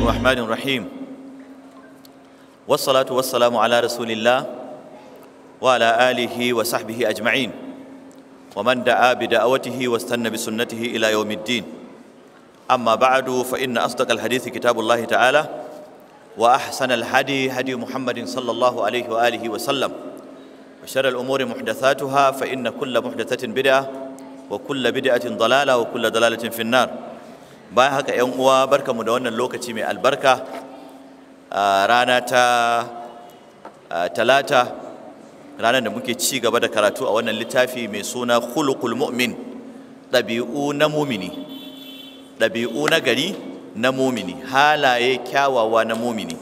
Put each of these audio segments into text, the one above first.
الرحمن الرحيم والصلاة والسلام على رسول الله وعلى آله وصحبه أجمعين ومن دعا بدعوته واستنى بسنته إلى يوم الدين أما بعد فإن أصدق الحديث كتاب الله تعالى وأحسن الهدي هدي محمد صلى الله عليه وآله وسلم وشر الأمور محدثاتها فإن كل محدثة بدعة وكل بدعة ضلالة وكل ضلالة في النار bayan haka yan uwa mu da wannan lokaci mai albarka rana ta talata ranar da muke ci gaba da karatu a wannan littafi mai suna khuluqul mu'min ɗabi'u na mumini ɗabi'u na gari na mumini halaye kyawawa na mumini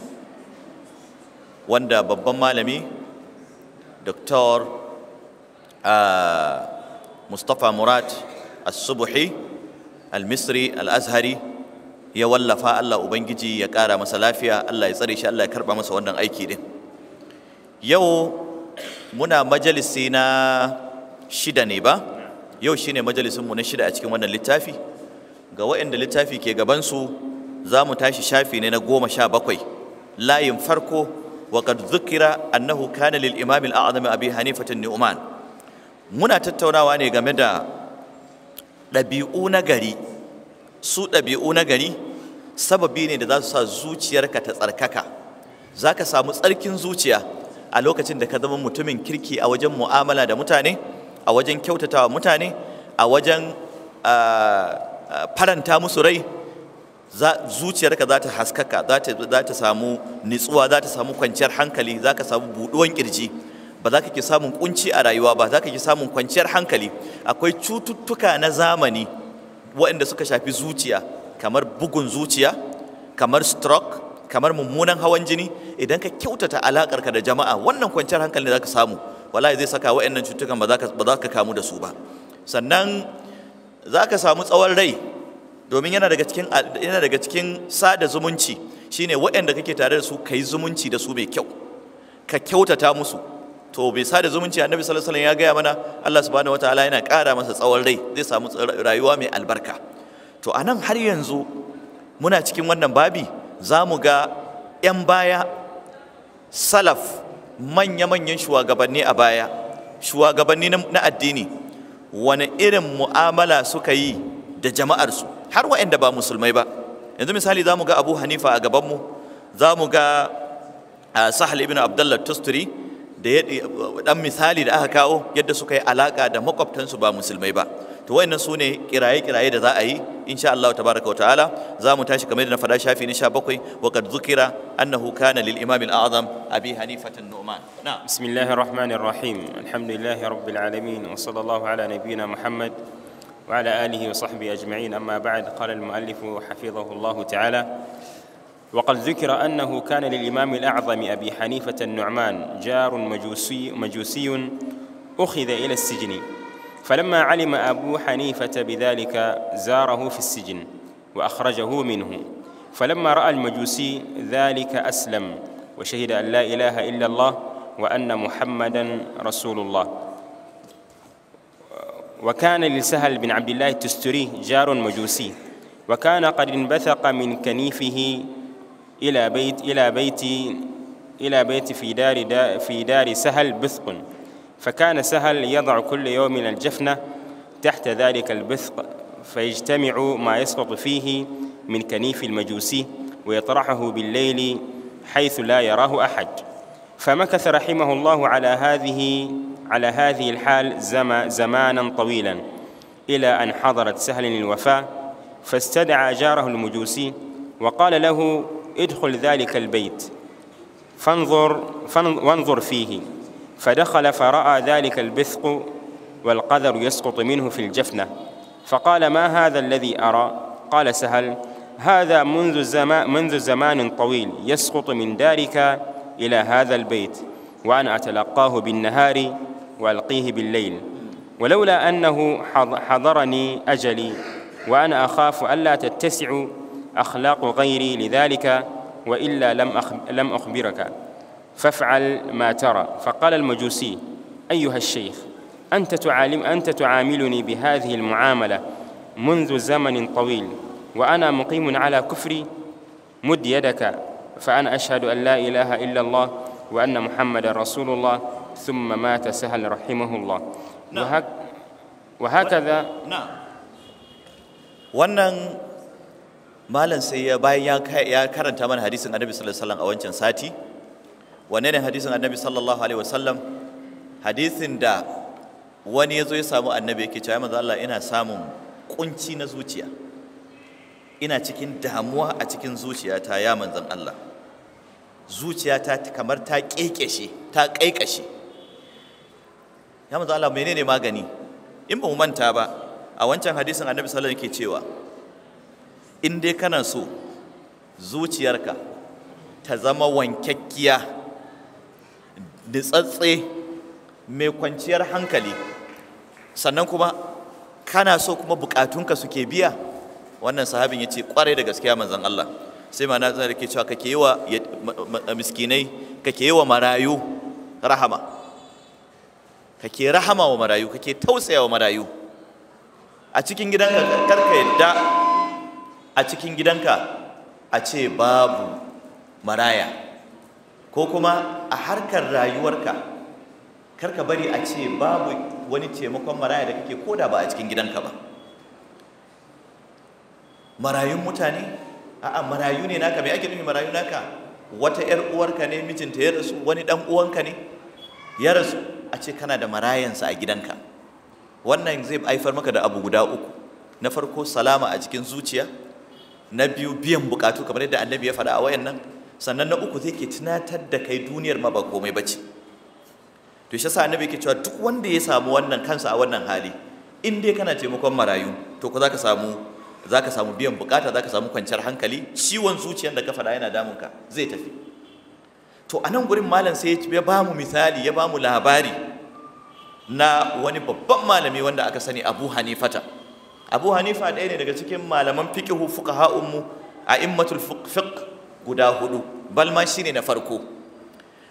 wanda babban malami dr mustapha murad as-subuhi al-misri al-azhari ya wallafa Allah ubangiji ya ƙara masa lafiya Allah ya tsare shi Allah ya karɓa masa wannan aiki din yau muna majalisi na shida ne ba yau shine majalisinmu na shida a cikin wannan littafi ga waɗanda littafi ke gabansu za mu tashi shafi ne na goma sha bakwai layin farko وقد ذكر أنه كان للإمام الأعظم أبي حنيفة النعمان muna tattaunawa ne game da ɗabi'u na gari su ɗabi'u na gari sababi ne da za su sa zuciyarka ta tsarkaka za ka samu tsarkin zuciya a lokacin da ka zama mutumin kirki a wajen mu'amala da mutane a wajen kyautatawa mutane a wajen faranta musu rai zuciyarka za ta haskaka za ta samu nitsuwa za ta samu kwanciyar hankali za ka samu buɗuwan ƙirji ba za ka ke samun kunci a rayuwa ba za ka ke samun kwanciyar hankali akwai cututtuka na zamani waɗanda suka shafi zuciya kamar bugun zuciya kamar stroke kamar mummunan hawan jini idan ka kyautata alaƙarka da jama'a wannan kwanciyar hankali ne za ka samu wallahi zai saka waɗannan cututtukan ba za ka kamu da su ba sannan za ka samu tsawon rai domin yana daga cikin yana daga cikin sada zumunci shine waɗanda kake tare da su ka zumunci da su mai kyau ka kyautata musu to bai da zumunci annabi sallallahu alaihi wasallam ya gaya mana Allah subhanahu wataala yana ƙara masa tsawon rai zai samu rayuwa mai albarka to anan har yanzu muna cikin wannan babi za mu ga 'yan baya salaf manya-manyan shugabanni a baya shugabanni na addini wani irin mu'amala suka yi da jama'arsu har waɗanda ba musulmai ba yanzu misali za mu ga abu hanifa a gabanmu za mu ga ah, sahal ibn abdullah tusturi da ya dan misali da aka kawo yadda suka yi alaka da makwabtansu ba musulmai ba to wayannan sune kiraye-kiraye da za a yi insha Allah tabaraka ta'ala za mu tashi kamar da na faɗa shafi na 17 wa qad zukira annahu kana lil imam al azam abi hanifa an nu'man na bismillahir rahmanir rahim alhamdulillahi rabbil alamin wa sallallahu ala nabiyyina muhammad wa ala alihi wa sahbihi ajma'in amma ba'd qala al muallif hafizahu Allah ta'ala وقد ذكر أنه كان للإمام الأعظم أبي حنيفة النعمان جار مجوسي, مجوسي أخذ إلى السجن فلما علم أبو حنيفة بذلك زاره في السجن وأخرجه منه فلما رأى المجوسي ذلك أسلم وشهد أن لا إله إلا الله وأن محمدا رسول الله وكان لسهل بن عبد الله التستري جار مجوسي وكان قد انبثق من كنيفه إلى بيت إلى بيت إلى بيت في دار دا في دار سهل بثق فكان سهل يضع كل يوم من الجفنة تحت ذلك البثق فيجتمع ما يسقط فيه من كنيف المجوسي ويطرحه بالليل حيث لا يراه أحد فمكث رحمه الله على هذه على هذه الحال زم زمانا طويلا إلى أن حضرت سهل الوفاة فاستدعى جاره المجوسي وقال له ادخل ذلك البيت فانظر وانظر فيه فدخل فرأى ذلك البثق والقذر يسقط منه في الجفنة فقال ما هذا الذي أرى قال سهل هذا منذ زمان, منذ زمان طويل يسقط من ذلك إلى هذا البيت وأنا أتلقاه بالنهار وألقيه بالليل ولولا أنه حضرني أجلي وأنا أخاف ألا تتسع أخلاق غيري لذلك وإلا لم لم أخبرك فافعل ما ترى فقال المجوسي أيها الشيخ أنت تعالم أنت تعاملني بهذه المعاملة منذ زمن طويل وأنا مقيم على كفري مد يدك فأنا أشهد أن لا إله إلا الله وأن محمد رسول الله ثم مات سهل رحمه الله نعم. وهك وهكذا نعم malam sai ya bayan ya karanta mana hadisin annabi sallallahu alaihi wasallam a wancan sati wanne ne hadisin annabi sallallahu alaihi wasallam hadisin da wani ya zo ya samu annabi yake cewa manzo Allah ina samun kunci na zuciya ina cikin damuwa a cikin zuciyata ya manzon Allah zuciyata kamar ta kekeshe ta kaikashe ya manzo Allah menene magani in ba mu manta ba a wancan hadisin annabi sallallahu alaihi wasallam yake cewa in dai kana so zuciyarka ta zama wankakkiya nitsatse mai kwanciyar hankali sannan kuma kana so kuma bukatunka suke biya wannan sahabin ya ce kwarai da gaskiya manzon Allah sai ma na ke cewa kake yi wa miskinai kake yi wa marayu rahama kake rahama wa marayu kake tausaya wa marayu a cikin gidanka karka yadda a cikin gidanka a ce babu maraya ko kuma a harkar rayuwarka karka bari a ce babu wani taimakon maraya da kake koda ba a cikin gidanka ba marayun mutane a'a marayu ne naka me ake nufi marayu naka wata yar uwarka ne mijinta ya rasu wani dan uwanka ne ya rasu a ce kana da marayansa a gidanka wannan zai haifar maka da abu guda uku na farko salama a cikin zuciya na biyu biyan bukatu kamar yadda annabi ya faɗa a wayan nan sannan na uku zai ke tunatar da kai duniyar ma ba komai ba ce to shi yasa annabi ke cewa duk wanda ya samu wannan kansa a wannan hali in dai kana taimakon marayu to ko zaka samu zaka samu biyan bukata zaka samu kwanciyar hankali ciwon zuciyar da ka faɗa yana damun ka. zai tafi to a nan gurin malam sai ya ba mu misali ya ba mu labari na wani babban malami wanda aka sani abu hanifata abu hanifa ɗaya ne daga cikin malaman fiƙihu ha'unmu a immatul fiqh guda hudu Balma shi ne na farko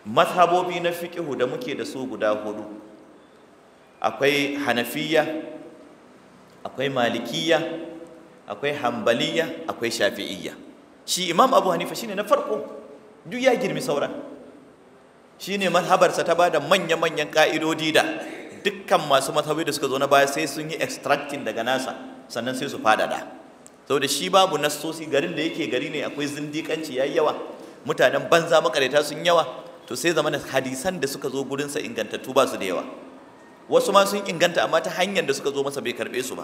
mazhabobi na fiƙihu da muke da su guda hudu akwai hanafiya akwai malikiya akwai hambaliya akwai shafi'iyya shi imam abu hanifa shi ne na farko duk ya girmi sauran shine mazhabarsa ta ba da manya-manyan ƙa'idodi da dukkan masu mazhabi da suka zo na baya sai sun yi extracting daga nasa sannan sai su fadada saboda shi babu nassosi garin da yake gari ne akwai zindikanci yayi yawa mutanen banza makareta sun yawa to sai zama hadisan da suka zo gurinsa ingantattu ba su da yawa wasu ma sun inganta amma ta hanyar da suka zo masa bai karɓe su ba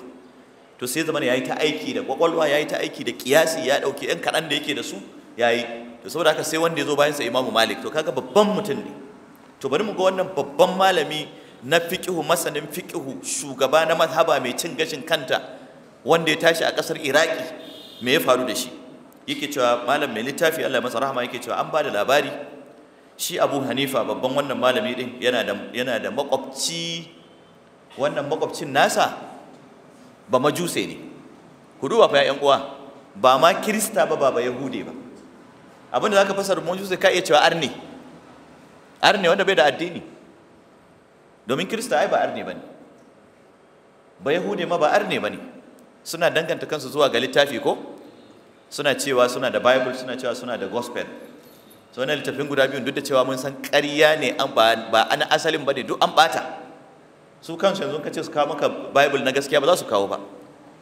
to sai zama ya yi ta aiki da kwakwalwa ya yi ta aiki da kiyasi ya ɗauki yan kaɗan da yake da su ya yi to saboda haka sai wanda ya zo bayansa imamu malik to kaga babban mutum ne to bari mu ga wannan babban malami na fiƙihu masanin fiƙihu shugaba na mazhaba mai cin gashin kanta wanda ya tashi a ƙasar iraki me ya faru da shi yake cewa malam mai littafi allah masa rahama yake cewa an ba da labari shi abu hanifa babban wannan malami din yana da makwabci wannan makwabcin nasa ba majuse ne ku duba fa yan uwa ba ma kirista ba ba yahude ba abinda zaka fasar majuse ka iya cewa arne arne wanda bai da addini domin kirista ai ba arne bane ba yahudi ma ba arne suna danganta kansu zuwa ga littafi ko suna cewa suna da bible suna cewa suna da gospel so wannan littafin guda biyun duk da cewa mun san ƙarya ne ba an asalin ba ne duk an bata su kansu yanzu kace su kawo maka bible na gaskiya ba za su kawo ba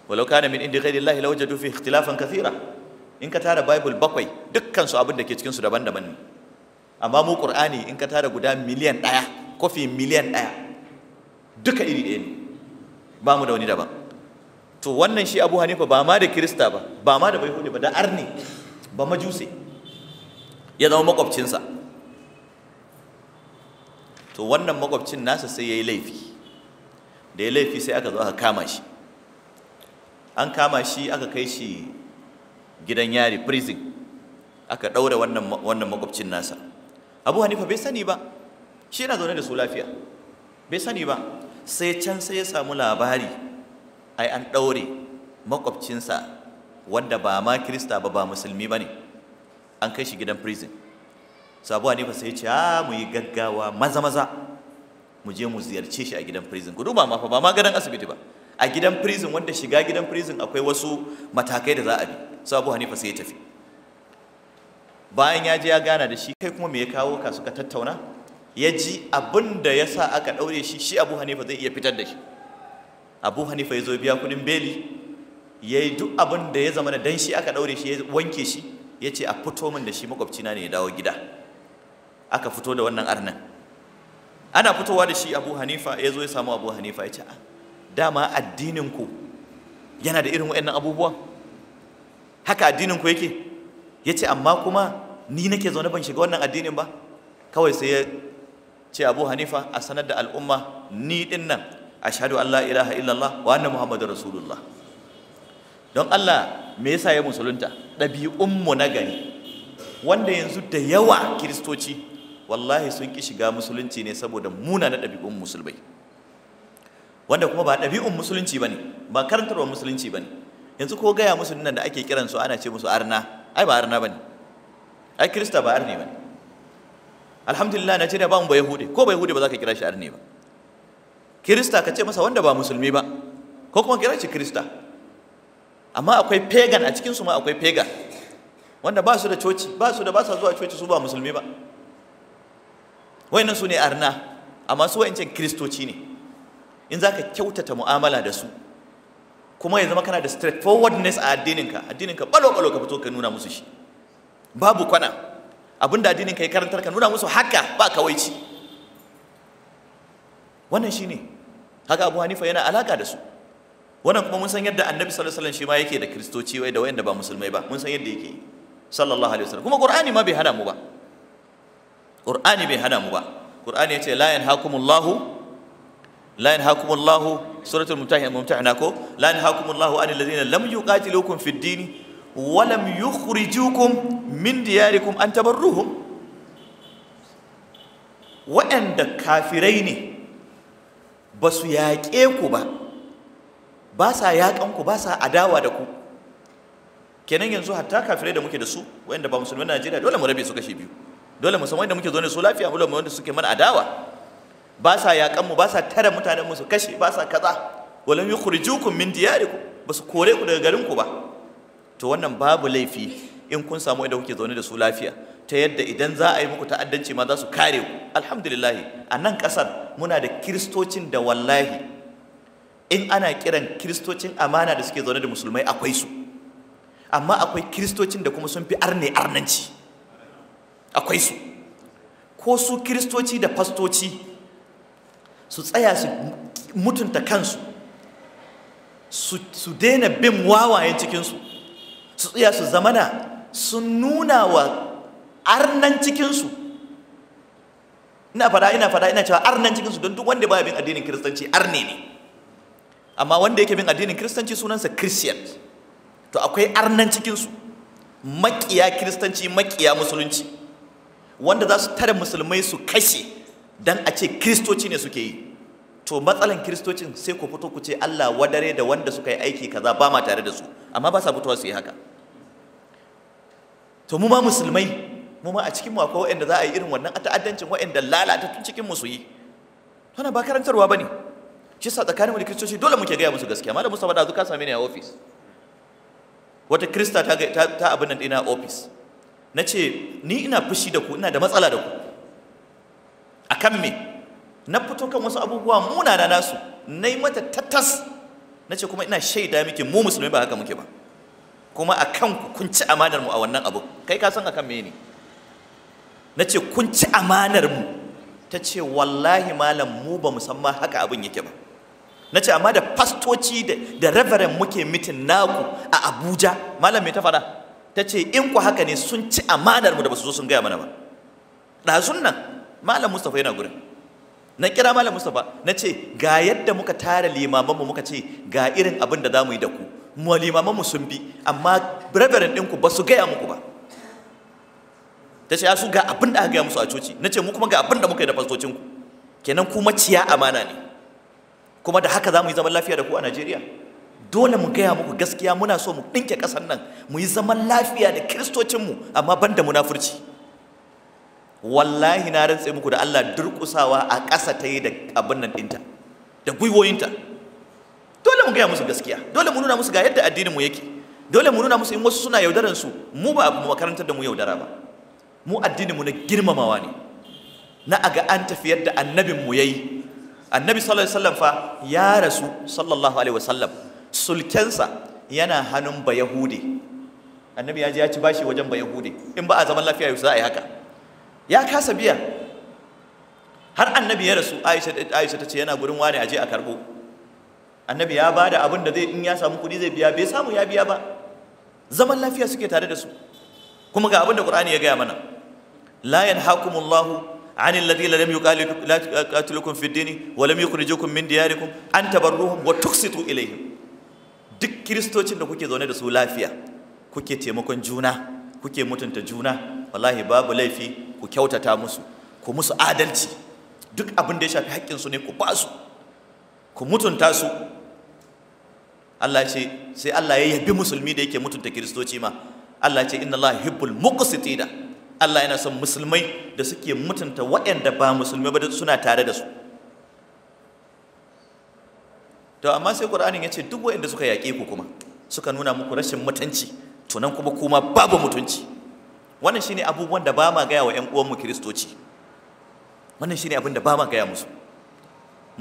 walau kana min indi ghairi llahi jadu fi ikhtilafan kathira in ka tara bible bakwai dukkan su abin da ke cikin su daban-daban ne amma mu qur'ani in ka tara guda miliyan ɗaya kofi miliyan ɗaya duka iri ɗaya ne ba mu da wani daban to wannan shi abu hanifa ba ma da kirista ba ba ma da bai hudu ba da arni ba majuse ya zama makwabcinsa to wannan makwabcin nasa sai ya yi laifi da ya laifi sai aka zo aka kama shi an kama shi aka kai shi gidan yari prison aka ɗaure wannan makwabcin nasa abu hanifa bai sani ba shi yana zaune da su lafiya bai sani ba sai can sai ya samu labari ai an ɗaure makwabcinsa wanda ba ma kirista ba ba musulmi ba ne an kai shi gidan prison sabuwa ne fa sai ce a ah, mu yi gaggawa maza maza mu je mu ziyarce shi a gidan prison ku duba ma fa ba ma gidan asibiti ba a gidan prison wanda shiga gidan prison akwai wasu matakai da za a bi sabu sai ya tafi bayan ya je ya gana da shi kai kuma me ya kawo ka suka tattauna ya ji abin da ya sa aka ɗaure shi shi abu hanifa zai iya fitar da shi abu hanifa ya zo biya kuɗin beli ya yi duk abin da ya zama da dan shi aka ɗaure shi ya wanke shi ya ce a fito min da shi makwabcina ne ya dawo gida aka fito da wannan arnan ana fitowa da shi abu hanifa ya zo ya samu abu hanifa ya ce a. Ah, dama addininku yana da irin waɗannan abubuwa haka addininku ku yake ya ce amma kuma ni nake zaune ban shiga wannan addinin ba kawai sai ya ce abu hanifa a sanar da al'umma ni din nan a shaɗu Allah ilaha illallah wa annan muhammadu rasulullah don Allah me yasa ya musulunta ɗabi'un mu na gari wanda yanzu da yawa kiristoci wallahi sun ki shiga musulunci ne saboda muna na ɗabi'un musulmai wanda kuma ba ɗabi'un musulunci bane ba karantarwa musulunci bane yanzu ko gaya musu nan da ake kiransu ana ce musu arna ai ba arna bane ai kirista ba arne bane alhamdulillah najeriya ba mu ba yahudi ko ba yahudi ba za ka kira shi arne ba kirista ka ce masa wanda ba musulmi ba ko kuma kira shi kirista amma akwai pagan a cikinsu ma akwai pagan wanda ba su da coci ba su da ba sa zuwa coci su ba musulmi ba wayannan su ne arna amma su wayancan kiristoci ne in za ka kyautata mu'amala da su kuma ya zama kana da straightforwardness a addininka addininka balo-balo ka fito ka nuna musu shi babu kwana abinda addinin ka yi karantar ka nuna musu haka ba kawaici wannan shine haka Abu Hanifa yana alaka da su wannan kuma mun san yadda Annabi sallallahu alaihi wasallam shi ma yake da kristoci wai da wayanda ba musulmai ba mun san yadda yake sallallahu alaihi wasallam kuma Qur'ani ma bai hana mu ba Qur'ani bai hana mu ba Qur'ani yace la yanhakumullahu la yanhakumullahu suratul mumtahina ko la yanhakumullahu anil ladina lam yuqatilukum fid dini walam yukhrijukum min diyarikum an tabarruhum waɗanda kafirai ne ba su yaƙe ku ba ba sa yaƙan ku ba sa adawa da ku kenan yanzu hatta kafirai da muke da su waɗanda ba musulmai na Najeriya dole mu rabe su kashe biyu dole mu san wanda muke zaune su lafiya mu wanda suke mana adawa ba sa yaƙan mu ba sa tara mutanen mu su kashe ba sa kaza walam yukhrijukum min diyarikum ba su kore ku daga garin ku ba to wannan babu laifi in kun samu idan kuke zaune da su lafiya ta yadda idan za a yi muku ta'addanci ma za su kare ku alhamdulillah a nan ƙasar muna da kiristocin da wallahi in ana kiran kiristocin amana da suke zaune da musulmai akwai su amma akwai kiristocin da kuma sun fi arne arnanci akwai su ko su kiristoci da fastoci su tsaya su mutunta kansu su daina bin wawayen cikinsu su tsaya su zamana sun nuna wa arnan cikinsu ina fada ina fada ina cewa arnan cikinsu don duk wanda baya bin addinin kiristanci arne ne amma wanda yake bin addinin kiristanci sunansa christian to akwai arnan cikinsu makiya kiristanci makiya musulunci wanda za su tare musulmai su kashe don a ce kiristoci ne suke yi to matsalan kiristocin sai ku fito ku ce allah wadare da wanda suka yi aiki kaza ba ma tare da su amma ba sa fitowa su yi haka to mu ma musulmai mu ma a cikin mu akwai wa'anda za a yi irin wannan ta'addancin wa'anda lalata tun cikin mu su yi Tana ba karantarwa bane shi sa tsakanin wani kristoci dole muke gaya musu gaskiya malam Musa da zuka same ni a office wata krista ta ta abin nan dina office nace ni ina fushi da ku ina da matsala da ku akan me na fito kan wasu abubuwa muna da nasu na yi mata tattas na ce kuma ina shaida miki mu musulmi ba haka muke ba kuma a kanku kun ci amanar mu a wannan abu kai ka san akan mene na ce kun ci amanar mu ta ce wallahi malam mu ba musamman haka abin yake ba na ce amma da fastoci da reverend muke mitin naku a abuja malam mai ta faɗa ta ce in ku haka ne sun ci amanar mu da ba su zo sun gaya mana ba ɗazun nan malam mustapha yana gurin na kira malam mustapha na ce ga yadda muka tara limamanmu muka ce ga irin abin da za mu yi da ku mu mu sun bi amma reverend ɗinku ba gaya muku ba ta ce ga abin da aka gaya musu a coci na ce mu kuma ga abin muka yi da fastocinku kenan kuma ciya amana ne kuma da haka za mu yi zaman lafiya da ku a najeriya dole mu gaya muku gaskiya muna so mu ɗinke ƙasar nan mu yi zaman lafiya da kiristocinmu amma ban da munafurci wallahi na rantse muku da allah durƙusawa a ƙasa ta yi da abin nan ɗinta da gwiwoyinta dole mu gaya musu gaskiya dole mu nuna musu ga yadda addinin mu yake dole mu nuna musu in wasu suna yaudaran su mu ba mu makarantar da mu yaudara ba mu addinin mu na girmamawa ne na aga an tafi yadda annabin mu yayi annabi sallallahu alaihi wasallam fa ya rasu sallallahu alaihi wasallam sulkensa yana hannun ba yahudi annabi ya je ya ci bashi wajen ba yahudi in ba a zaman lafiya yau za a yi haka ya kasa biya har annabi ya rasu aisha ta ce yana gurin wani aje a karbo annabi ya ba da abin da zai in ya samu kuɗi zai biya bai samu ya biya ba zaman lafiya suke tare da su kuma ga abin da qur'ani ya gaya mana la yanhakumullahu عن الذين لم يقاتلكم في الدين ولم يخرجوكم من دياركم أن تبروهم وتقسطوا إليهم duk kiristocin da kuke zaune da su lafiya kuke taimakon juna kuke mutunta juna wallahi babu laifi ku kyautata musu ku musu adalci duk abin da ya shafi haƙƙinsu ne ku ba su ku mutunta su Allah ce sai Allah ya yabi musulmi da yake mutunta kiristoci ma Allah ce inna Allah hibbul muqsitina Allah yana son musulmai da suke mutunta waɗanda ba musulmai ba suna tare da su to amma sai Qur'ani ya ce duk waɗanda suka yaƙe ku kuma suka nuna muku rashin mutunci to nan kuma kuma babu mutunci wannan shine abubuwan da ba ma gaya wa ƴan uwanmu kiristoci wannan shine abin da ba ma gaya musu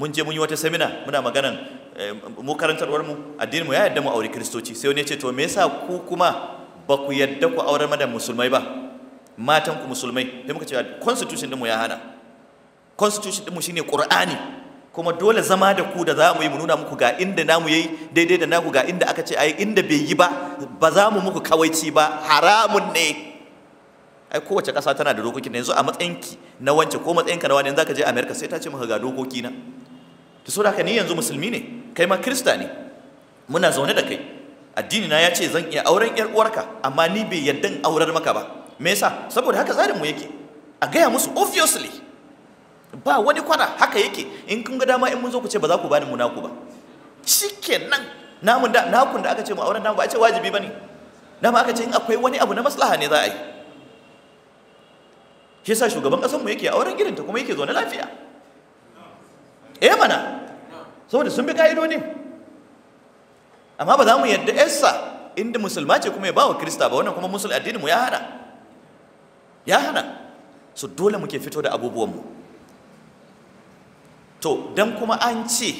mun je mun yi wata seminar muna maganan Eh, mu karantarwar mu addinin mu ya yadda mu aure kristoci sai wani ya ce to me yasa ku kuma ba ku yadda ku aure da musulmai ba matan ku musulmai sai muka ce constitution din mu ya hana constitution din mu shine qur'ani kuma dole zama da ku da za mu yi mu nuna muku ga inda namu yayi daidai da naku ga inda aka ce ai inda bai yi ba ba za mu muku kawaici ba haramun ne ai kowace ƙasa tana da dokokin yanzu a matsayinki na wance ko matsayinka na wani yanzu zaka je America sai ta ce maka ga dokoki na ta so da haka ni yanzu musulmi ne kai ma krista ne muna zaune da kai addini na ya ce zan iya auren yar uwarka amma ni bai yarda in aurar maka ba me yasa saboda haka tsarin mu yake a gaya musu obviously ba wani kwana haka yake in kun ga dama in mun zo ku ce ba za ku bani mu naku ba shikenan namun da nakun da aka ce mu auren namu ba a ce wajibi bane dama aka ce in akwai wani abu na maslaha ne za a yi shi yasa shugaban kasan mu yake auren irin ta kuma yake zaune lafiya eh mana saboda sun bi ne? amma ba za mu yadda yarsa inda musulma ce kuma ya ba wa kirista ba wannan kuma musul addinin mu ya hana ya hana so dole muke fito da abubuwan mu? to dan kuma an ce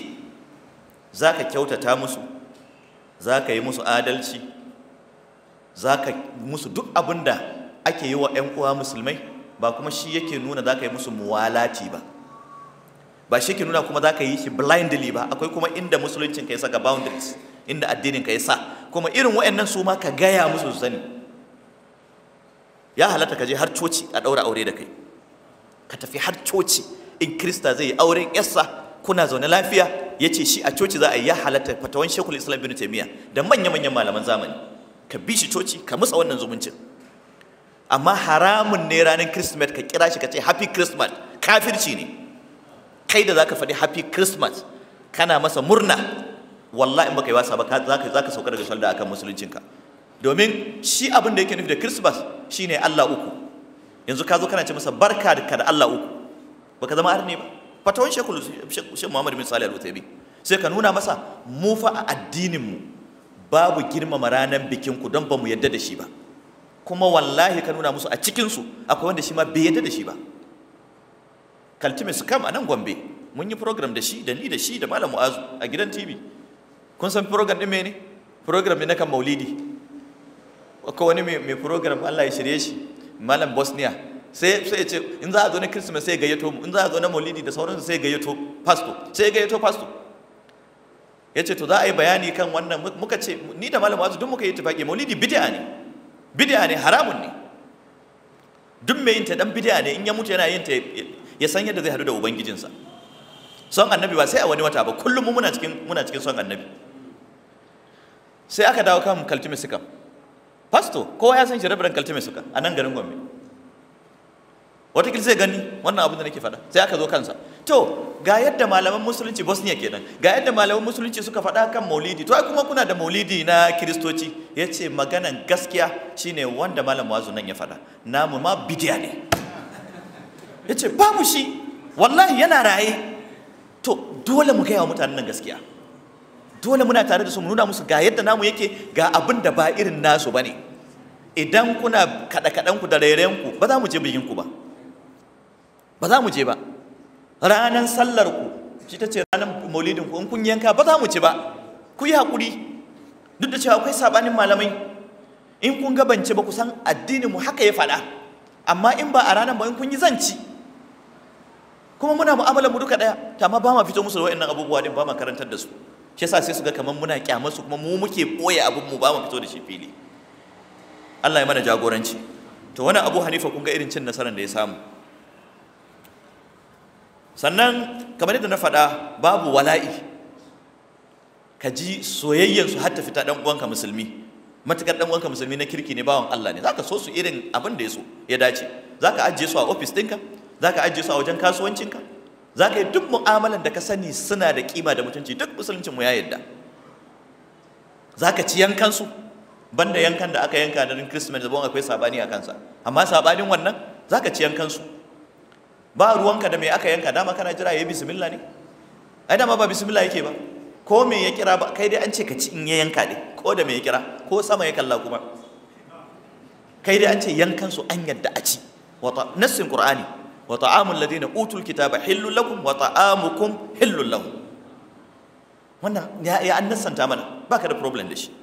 za ka kyautata musu za ka yi musu adalci za ka musu duk abin da ake yi wa 'yan uwa musulmai ba kuma shi yake nuna za ka yi musu muwalati ba ba shi ke nuna kuma za ka yi shi blindly ba akwai kuma inda musuluncin ka ya saka boundaries inda addinin ka ya sa kuma irin wa'annan su ma ka gaya musu su sani ya halatta ka je har coci a ɗaura aure da kai ka tafi har coci in krista zai yi auren yassa kuna zaune lafiya ya ce shi a coci za a yi ya halatta fatawan shekul islam bin taimiyya da manya-manyan malaman zamani ka bi shi coci ka musa wannan zumuncin amma haramun ne ranar Kirsimeti ka kira shi ka ce happy christmas kafirci ne kai da zaka faɗi happy christmas kana masa murna wallahi in baka yi wasa ba zaka zaka sauka daga shalda akan musuluncinka domin shi abin da yake nufi da christmas shine Allah uku yanzu ka zo kana ce masa barka da kada Allah uku baka zama ne ba fatawan shekul shi Muhammad bin Salih al-Utaibi sai ka nuna masa mu fa a addinin mu babu girmama ranar bikin ku don ba mu yadda da shi ba kuma wallahi ka nuna musu a cikinsu akwai wanda shi ma bai yadda da shi ba kaltimis kam a nan gombe mun yi program da shi da ni da shi da malam mu'azu a gidan tv kun san program ɗin mene program ne na kan maulidi ko wani mai program allah ya shirye shi malam bosnia sai sai ce in za a zo na christmas sai gayyato mu in za a zo na maulidi da sauransu sai gayyato pastor sai gayyato pastor ya ce to za a yi bayani kan wannan muka ce ni da malam mu'azu duk muka yi tufaƙi maulidi bid'a ne bid'a ne haramun ne duk mai yin ta dan bid'a ne in ya mutu yana yin ta ya san yadda zai hadu da ubangijinsa son annabi ba sai a wani wata ba kullum muna cikin muna cikin son annabi sai aka dawo kan kaltume suka pasto kowa ya san shi rabaran kaltume suka a nan garin gombe watakila zai gani wannan abin da nake faɗa sai aka zo kansa to ga yadda malaman musulunci bosnia kenan ga yadda malaman musulunci suka faɗa kan maulidi to ai kuma kuna da maulidi na kiristoci ya ce maganan gaskiya shine wanda malam wazu nan ya faɗa namu ma bidiya ne ya ce babu shi wallahi yana raye to dole mu gaya wa mutanen nan gaskiya dole muna tare da su mu nuna musu ga yadda namu yake ga abin da ba irin nasu ba ne idan kuna kaɗe-kaɗenku da ku ba za mu je ku ba ba za mu je ba ranar sallarku shi ta ce ranar maulidinku in kun yanka ba za mu ci ba ku yi haƙuri duk da cewa akwai sabanin malamai in kun gabance ba ku san addinin mu haka ya faɗa amma in ba a ranar ba in kun yi zanci kuma muna mu'amalar mu duka daya ta ma ba ma fito musu da wayannan abubuwa din ba ma karantar da su shi yasa sai su ga kamar muna kyamar su kuma mu muke boye abun mu ba ma fito da shi fili Allah ya mana jagoranci to wani Abu Hanifa kun ga irin cin nasarar da ya samu sannan kamar yadda na faɗa babu wala'i ka ji soyayyansu har ta fita ɗan uwanka musulmi matukar dan uwanka musulmi na kirki ne bawan Allah ne zaka so su irin abin da ya so ya dace zaka ajiye su a office ɗinka za ka ajiye su a wajen kasuwancinka za ka yi duk mu'amalan da ka sani suna da kima da mutunci duk musuluncin mu ya yadda za ka ci yankansu banda yankan da aka yanka na Christmas zabon akwai sabani a kansa amma sabanin wannan za ka ci yankansu ba ruwanka da mai aka yanka dama kana jira ya yi bismillah ne ai dama ba bismillah yake ba ko me ya kira ba kai dai an ce ka ci in ya yanka ne ko da me ya kira ko sama ya kalla kuma kai dai an ce yankansu an yadda a ci Wata nassin qur'ani wa ta'amul ladina utul kitaba hillul lakum wa ta'amukum hillul lahum wannan ya ya an ta mana baka da problem da shi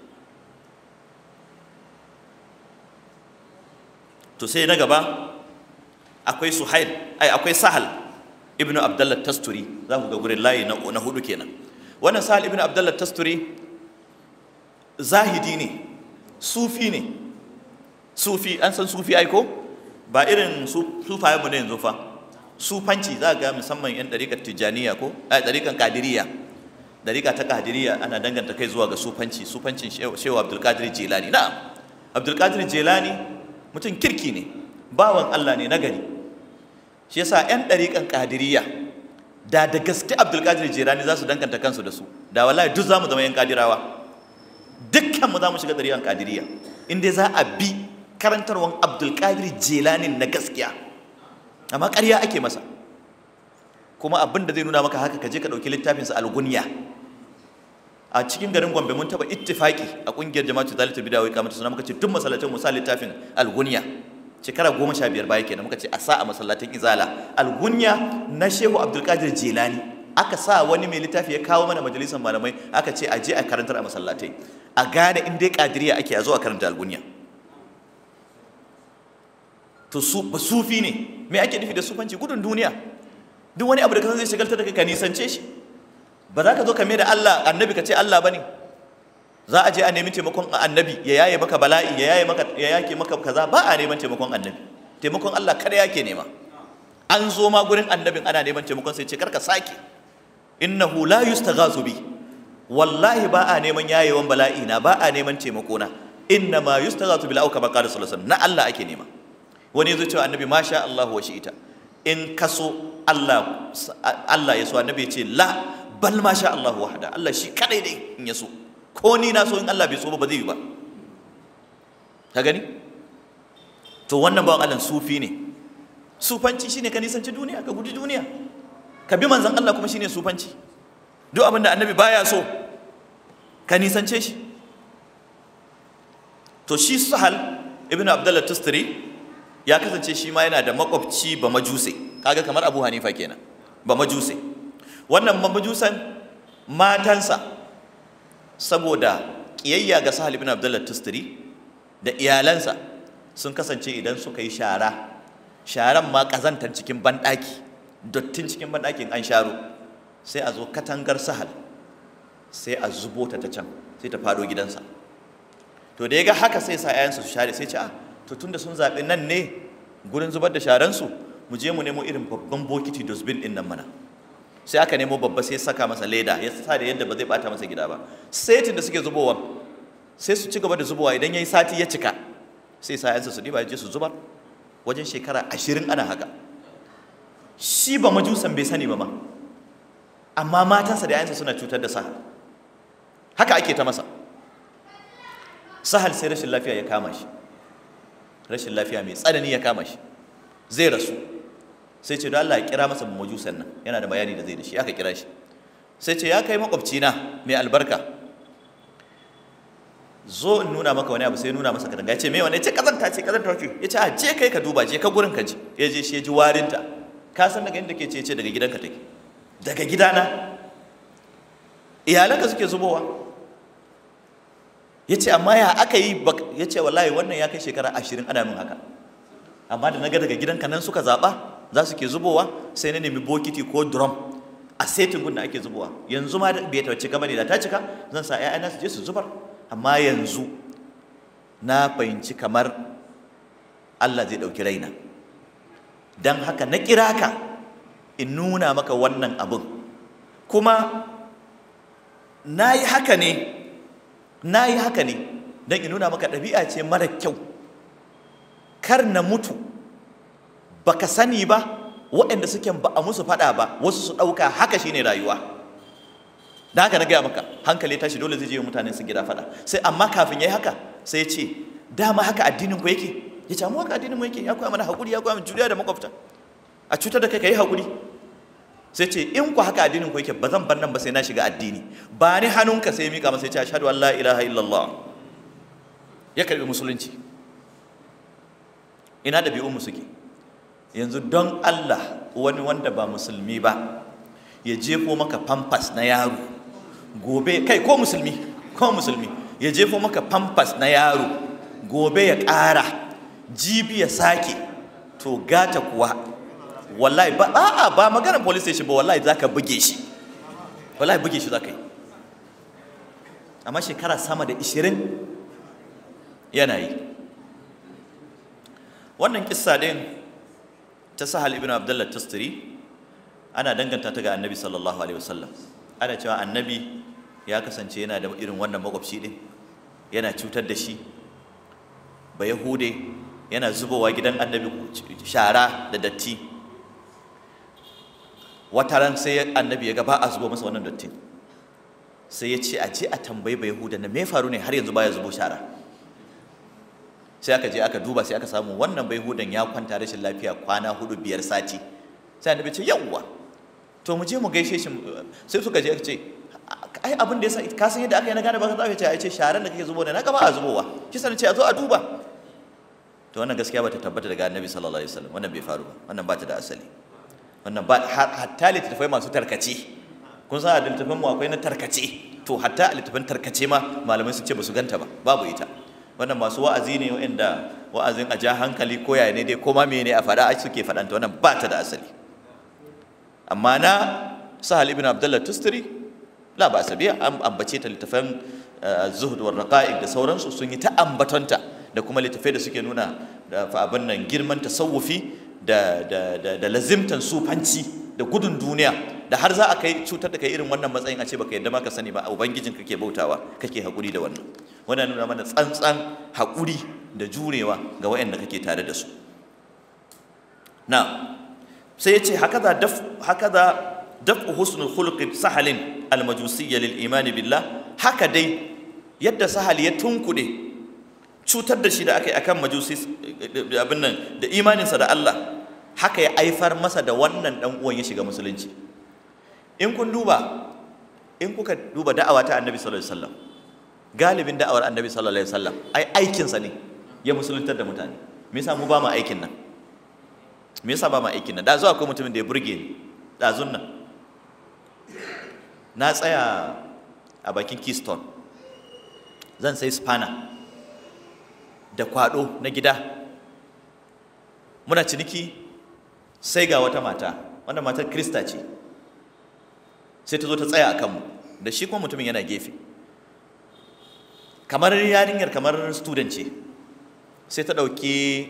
to sai na gaba akwai suhail ai akwai sahal ibnu abdullah tasturi za ku ga gurin layi na na hudu kenan wannan sahal ibnu abdullah tasturi zahidi ne sufi ne sufi an san sufi ai ko ba irin sufayen mu ne yanzu fa sufanci za ga musamman yan dariƙar tijaniya ko a eh, dariƙar kadiriya dariƙa ta kadiriya ana danganta kai zuwa ga sufanci sufancin shehu abdulkadir jelani na'am abdulkadir jelani mutum kirki ne bawan allah ne nagari shi yasa yan dariƙar kadiriya da da gaske abdulkadir jelani za su danganta kansu da su da wallahi duk za mu zama yan kadirawa dukkan mu za mu shiga dariƙar kadiriya in dai za a bi karantarwan abdulkadir jelanin na gaskiya amma ƙarya ake masa kuma abin da zai nuna maka haka ka ka ɗauki littafinsa algunya a cikin garin gombe mun taɓa ittifaki a ƙungiyar jama'atu zalita bidawai kamata suna muka ce duk masallacin musa littafin algunya shekara goma sha biyar baya kenan muka ce a sa a masallacin izala algunya na shehu abdulkadir jelani aka sa wani mai littafi ya kawo mana majalisar malamai aka ce a je a karantar a masallatai a gane in dai kadiriya ake a zo a karanta algunya to sufi ne me ake nufi da sufanci gudun duniya duk wani abu da ka zai shagaltar da ka nisance shi ba za ka zo ka mai da Allah annabi ka ce Allah bane za a je a nemi taimakon annabi ya yaye maka bala'i ya yaye maka ya yake maka kaza ba a neman taimakon annabi taimakon Allah kada yake nema an zo ma gurin annabin ana neman taimakon sai ce karka sake innahu la yustaghazu bi wallahi ba a neman yayewan bala'i na ba a neman taimako na inna ma yustaghazu bil auka ba qala sallallahu alaihi wasallam na Allah ake nema wani zai cewa annabi masha Allah wa shi ita. in kaso Allah Allah ya so annabi ya ce la bal masha Allah wahda Allah shi kadai dai in ya so ko ni na so in Allah bai so ba ba zai yi ba ka gani to wannan bawan Allah sufi ne sufanci shine ka nisanci duniya ka gudu duniya ka bi manzon Allah kuma shine sufanci duk abin da annabi baya so ka nisance shi to shi sahal ibn abdullah tustari ya kasance shi ma yana da makwabci ba majuse kaga kamar abu hanifa kenan ba majuse wannan ba majusan matansa saboda kiyayya ga sahal ibn abdullah tustari da iyalansa sun kasance idan suka yi shara sharan ma kazantar cikin banɗaki dottin cikin banɗakin an sharo sai a zo katangar sahal sai a zubo ta ta can sai ta faɗo gidansa to da ya ga haka sai sa 'ya'yansa su share sai ce a ah, to da sun zaɓi nan ne gurin zubar da sharansu mu je mu nemo irin babban bokiti dosbin din nan mana sai aka nemo babba sai saka masa leda ya sa da yadda ba zai bata masa gida ba setin da suke zubowa sai su ci gaba da zubowa idan yayi sati ya cika sai sayansa su diba ya je su zubar wajen shekara ashirin ana haka shi ba majusan bai sani ba ma amma matansa da yayansa suna cutar da sahal haka ake ta masa sahal sai rashin lafiya ya kama shi rashin lafiya mai tsanani ya kama shi zai rasu sai ce don Allah ya kira masa majusan nan yana da bayani da zai da shi aka kira shi sai ce ya kai makwabcina mai albarka zo in nuna maka wani abu sai nuna masa katanga ya ce mai wani ya ce kazanta ce kazanta ce ya ce a ah, je kai ka duba je ka gurin ka je ya je shi ya ji warinta ka san daga inda ke ce ce daga gidanka take daga gidana iyalanka suke zubowa ya ce amma ya aka yi ya ce wallahi wannan ya kai shekara ashirin ana min haka amma da na ga daga gidanka nan suka zaɓa za su ke zubowa sai na nemi bokiti ko drum a setin da ake zubowa yanzu ma bai ta cika bane da ta cika zan sa ƴaƴana su je su zubar amma yanzu na fahimci kamar Allah zai ɗauki raina don haka na kira ka in nuna maka wannan abin kuma na yi haka ne na yi haka ne don in nuna maka ɗabi'a ce mara kyau kar na mutu ba ka sani ba waɗanda suke ba a musu faɗa ba wasu su ɗauka haka shi ne rayuwa da haka na gaya maka hankali tashi dole zai je mutanen su gida faɗa sai amma kafin ya yi haka sai ya ce dama haka addinin ku yake ya ce mu haka addinin mu yake ya koya mana haƙuri ya koya mana juriya da makwabta a cutar da kai ka yi haƙuri sai ce in ku haka addinin ku yake ba zan bar nan ba sai na shiga addini ba ni hannunka sai mika masa ya ce ashhadu an la ilaha illallah ya karbi musulunci ina da bi'un musuki. yanzu don Allah wani wanda ba musulmi ba ya jefo maka pampas na yaro gobe kai ko musulmi ko musulmi ya jefo maka pampas na yaro gobe ya ƙara jibi ya sake to gata kuwa wallahi ba a'a ba maganar police station ba wallahi zaka buge shi wallahi buge shi zaka yi amma shekara sama da 20 yana yi wannan kissa din ta Sahal ibn Abdullah Tustari ana danganta ta ga Annabi sallallahu alaihi wasallam ana cewa Annabi ya kasance yana da irin wannan makwabci din yana cutar da shi ba Yahude yana zubowa gidan Annabi shara da datti wata ran sai annabi ya ga ba a zubo masa wannan dottin sai ya ce a je a tambayi ba yahuda na me faru ne har yanzu baya zubo shara sai aka je aka duba sai aka samu wannan bai hudan ya kwanta rashin lafiya kwana hudu biyar sati sai annabi ce yawwa to mu je mu gaishe shi sai suka je aka ce ai abin da yasa ka san yadda aka yi na gane ba ka tsafe ce ai ce sharan da kake zubo ne na gaba a zubowa shi sanin ce a zo a duba to wannan gaskiya bata tabbata daga annabi sallallahu alaihi wasallam wannan bai faru ba wannan ta da asali wannan ba hatta littattafai masu tarkace kun san da littattafan mu akwai na tarkace to hatta littattafan tarkace ma malamai sun ce ba su ganta ba babu ita wannan masu wa'azi ne wa'anda wa'azin a ja hankali ko yaya ne dai ko ma mene a faɗa ake suke faɗanta wannan ba ta da asali amma na sahal ibn abdullah tustari la ba sabi an ambace ta littafan eh, zuhud war raqa'iq da sauransu sun yi ta ambatonta da kuma littafai da suke nuna da fa abin nan girman tasawufi da da lazimtan sufanci da gudun duniya da har za a kai cutar da kai irin wannan matsayin a ce baka yadda ma ka sani ba A ubangijin kake bautawa kake hakuri da wannan wannan nuna mana tsantsan hakuri da jurewa ga waɗanda kake tare da su na sai ya ce hakaza daf hakaza daf husnul khuluqi sahalin almajusiyya lil iman billah haka dai yadda sahali ya tunkude cutar da shi da aka yi akan majusi abin nan da imaninsa da Allah haka ya aifar masa da wannan dan uwan ya shiga musulunci in kun duba in kuka duba da'awa ta annabi sallallahu alaihi wasallam galibin da'awar annabi sallallahu alaihi wasallam ai aikinsa ne ya musuluntar da mutane me yasa mu ba mu aikin nan me yasa ba mu aikin nan da zuwa akwai mutumin da ya burge ni da zun nan na tsaya a bakin keystone zan sai spanner da kwaɗo na gida muna ciniki sai ga wata mata wannan matar krista ce sai ta zo ta tsaya a kanmu da shi kuma mutumin yana gefe kamar yarinyar kamar student ce sai ta ɗauki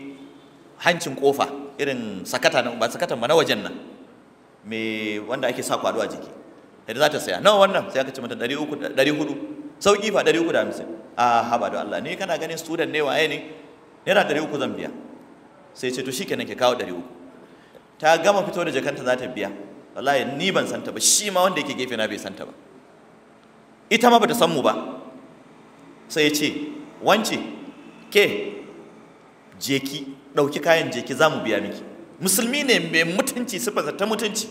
hancin ƙofa irin sakata na, ba sakatan ba wajen nan mai wanda ake sa kwado a jiki da za ta saya nawa wannan sai aka ce mata ɗari sauki fa hamsin. a haba da Allah ne kana ganin student ne waye ne naira uku zan biya sai ce to kenan ke kawo uku. ta gama fito da jakanta za ta biya wallahi ni ban santa ba shi ma wanda yake gefe na bai santa ba ita ma bata san mu ba sai ya ce wance ke jeki ɗauki kayan jeki za mu biya miki musulmi ne mai mutunci sifarsa ta mutunci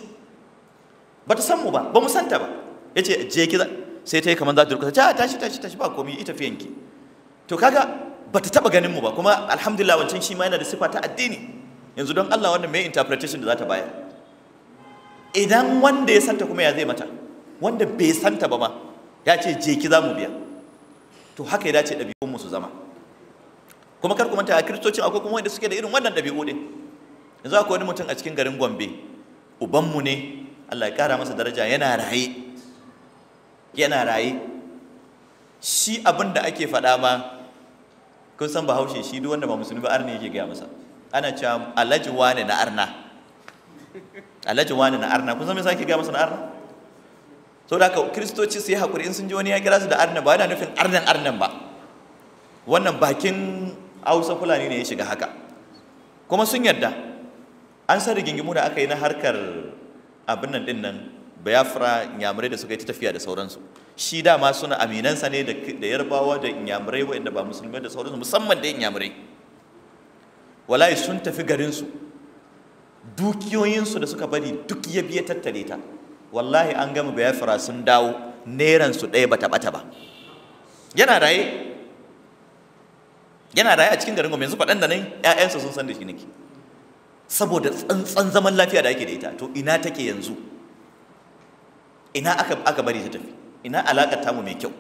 bata san mu ba ba mu santa ba ya ce jeki za sai ta yi kamar za ta rukuta ta tashi tashi tashi ba komi ita yanki. to kaga ba ta taɓa ganin mu ba kuma alhamdulillah wancan shi ma yana da sifa ta addini yanzu don Allah wannan mai interpretation da za ta bayar idan wanda ya santa kuma ya zai mata wanda bai santa ba ma ya ce je ki za mu biya to haka ya dace ɗabi'un mu su zama kuma kar ku manta a kiristocin akwai kuma wanda suke da irin wannan ɗabi'u ɗin yanzu akwai wani mutum a cikin garin Gombe ubanmu ne Allah ya kara masa daraja yana raye yana raye shi abin da ake faɗa ma kun san bahaushe shi duk wanda ba musulmi ba arna yake gaya masa ana cewa alhaji wane na arna alhaji wane na arna kun san me yasa ake gaya masa na arna da ka kristoci su yi hakuri in sun ji wani ya kira su da arna ba yana nufin arnan arnan ba wannan bakin hausa fulani ne ya shiga haka kuma sun yarda an san rigingimu da aka yi na harkar abin nan din nan biafra Nyamre da suka yi ta tafiya da sauransu shi dama suna aminansa ne da yarbawa da wa waɗanda ba musulmai da sauransu musamman da Nyamre. wallahi sun tafi garinsu dukiyoyinsu da suka bari duk ya biya tattare ta wallahi an gama biafra sun dawo su ɗaya bata bata ba yana raye yana raye a cikin garin gobe, yanzu faɗan da nan ƴaƴansa sun san da shi nake saboda tsantsan zaman lafiya da ake da ita to ina take yanzu ina aka aka bari ta tafi ina alaƙar mu mai kyau